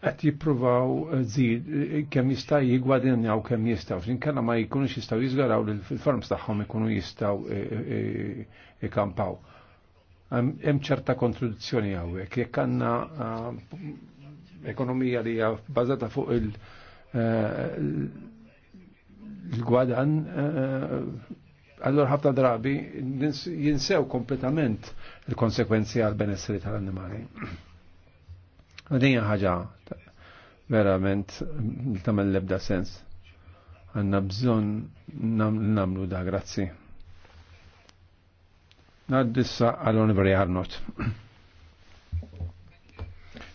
qed jippruvaw eh, zid eh, kemm jista' jigwadinjaw kemm jistgħu x'inkella ma jkunux jistgħu jiżgaraw li fil-farms tagħhom ikunu jistgħu jikampaw. Eh, hemm ċerta kontradizzjoni hawnhekk. Jekk għandna ekonomija li hija bbażata fuq il- gwadan allora ħafna drabi jinsew kompletament il-konsekwenzi għal benessri tal-annimali. Għadin *clears throat* ħaġa verament tamel lebda sens. Għanna bżon namlu da, grazzi. Naddissa għalon oniveri Arnot.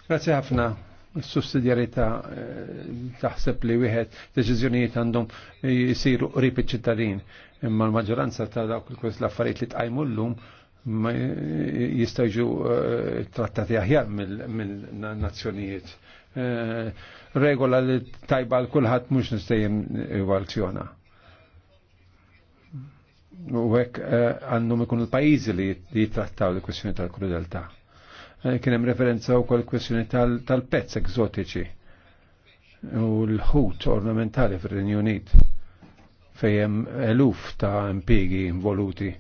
Grazzi ħafna. s-sussidjarita eh, taħseb li wieħed deċiżjonijiet għandhom jisiru qrib iċ-ċittadin. Imma l-maġġoranza ta' dawk l-affarijiet li tqajmu llum eh, jistgħu eh, trattati aħjar mill-nazzjonijiet Eh, regola li tajba l kulħadd mhux nistajem evalzjona. U hekk eh, għandhom ikun il pajjiżi li jittrattaw li kwestjoni tal krudeltà eh, Kien hemm referenza wkoll kwestjoni tal-pezz eżotiċi u l-ħut ornamentali fir renju Unit hemm eluf ta' impiegi involuti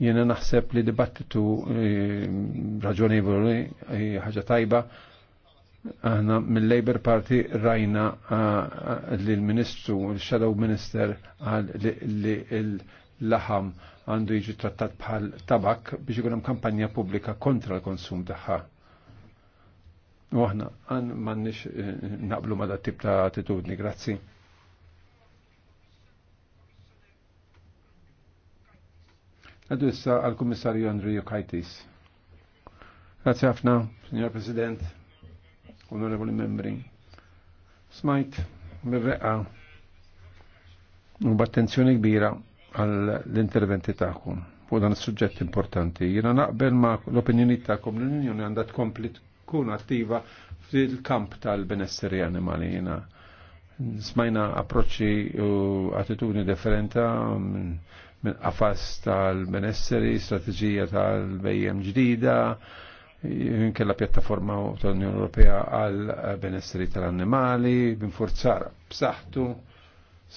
Jiena naħseb li dibattitu raġonevoli ħaġa tajba Aħna mill-Labor Party rajna li l-Ministru, l-Shadow Minister, għal li l-laħam għandu jiġi trattat bħal tabak biex ikun hemm kampanja pubblika kontra l-konsum tagħha. U aħna għan m'għandniex eh, naqblu ma' dat tip ta' attitudni, grazzi. Għadu issa għal-Kummissarju Andriju Kajtis. Grazie ħafna, Signor President onorevoli membri. Smajt mirreqa u b'attenzjoni kbira għall-interventi tagħkom u dan is-suġġett importanti. Jiena naqbel ma l-opinjoni tagħkom l-Unjoni għandha tkompli tkun attiva fil-kamp tal-benesseri animali jiena. Smajna approċċi u attitudni differenta minn qafas tal-benesseri, strateġija tal-bejjem ġdida, kella pjattaforma tal-Unjoni Ewropea għal benessri tal-annimali, binfurzar b'saħħtu,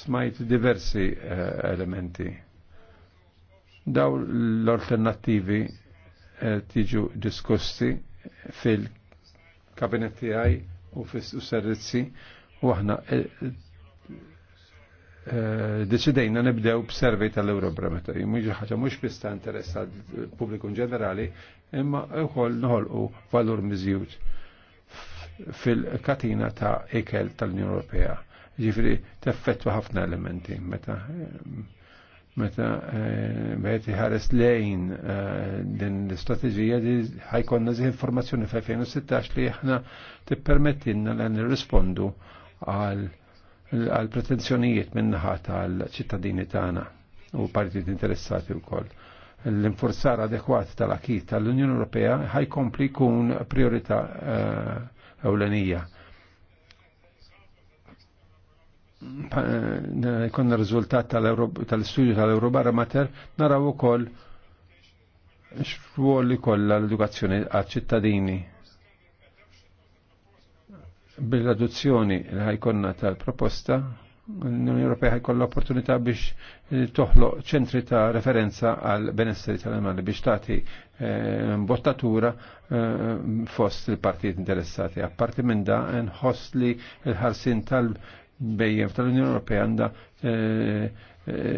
smajt diversi eh, elementi. Daw l-alternattivi eh, tiġu diskussi fil-kabinetti għaj u fis-servizzi u aħna eh, Eh, deċidejna nibdew b'servej tal-Eurobarometer. Mhux ħaġa mhux bista interessat pubbliku ġenerali, imma wkoll noħolqu valur miżjud fil-katina ta' ikel tal-Unjoni Ewropea. Ġifieri teffettwa ħafna elementi meta meta eh, bħet ħares lejn eh, din l-istrateġija li ħajkonna zi informazzjoni f'2016 li aħna tippermettinna l-għan nirrispondu għal għal pretenzjonijiet minnaħa tal-ċittadini tagħna u partit interessati wkoll. L-infurzar adekwat tal-akit tal-Unjoni Ewropea ħajkompli kun priorità eh, ewlenija. Konna eh, riżultat tal-studju tal-Eurobarometer naraw ukoll x'ruol li kollha l-edukazzjoni għal ċittadini bil-adozzjoni li ħajkonna tal-proposta l-Unjoni Ewropea l opportunità biex eh, toħloq ċentri ta' referenza għal benesseri tal-animali biex tagħti eh, bottatura eh, fost il-partijiet interessati. Apparti minn da nħoss li l-ħarsin tal-bejjem tal-Unjoni Ewropea għandha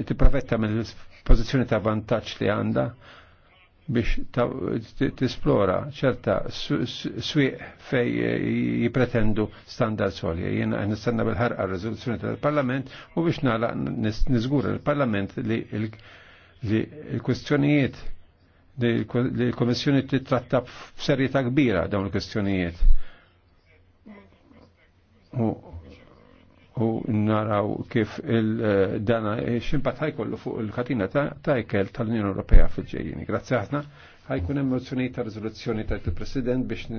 tipprofetta mill-pożizzjoni ta' vantaġġ li għandha biex tisplora ċerta swieq fej jipretendu standard solja. Jena nistanna bil-ħarqa r-rezoluzzjoni tal-Parlament u biex nala nizgura l-Parlament li l-kwestjonijiet li l-Komissjoni titratta b'serjetà kbira dawn il-kwestjonijiet u naraw kif il-dana eh, eh, ximpat ħajkollu fuq il-katina ta' ikel tal-Unjoni Ewropea fil-ġejjini. Grazzi ħafna. Ħajkun hemm mozzjoni ta' il president biex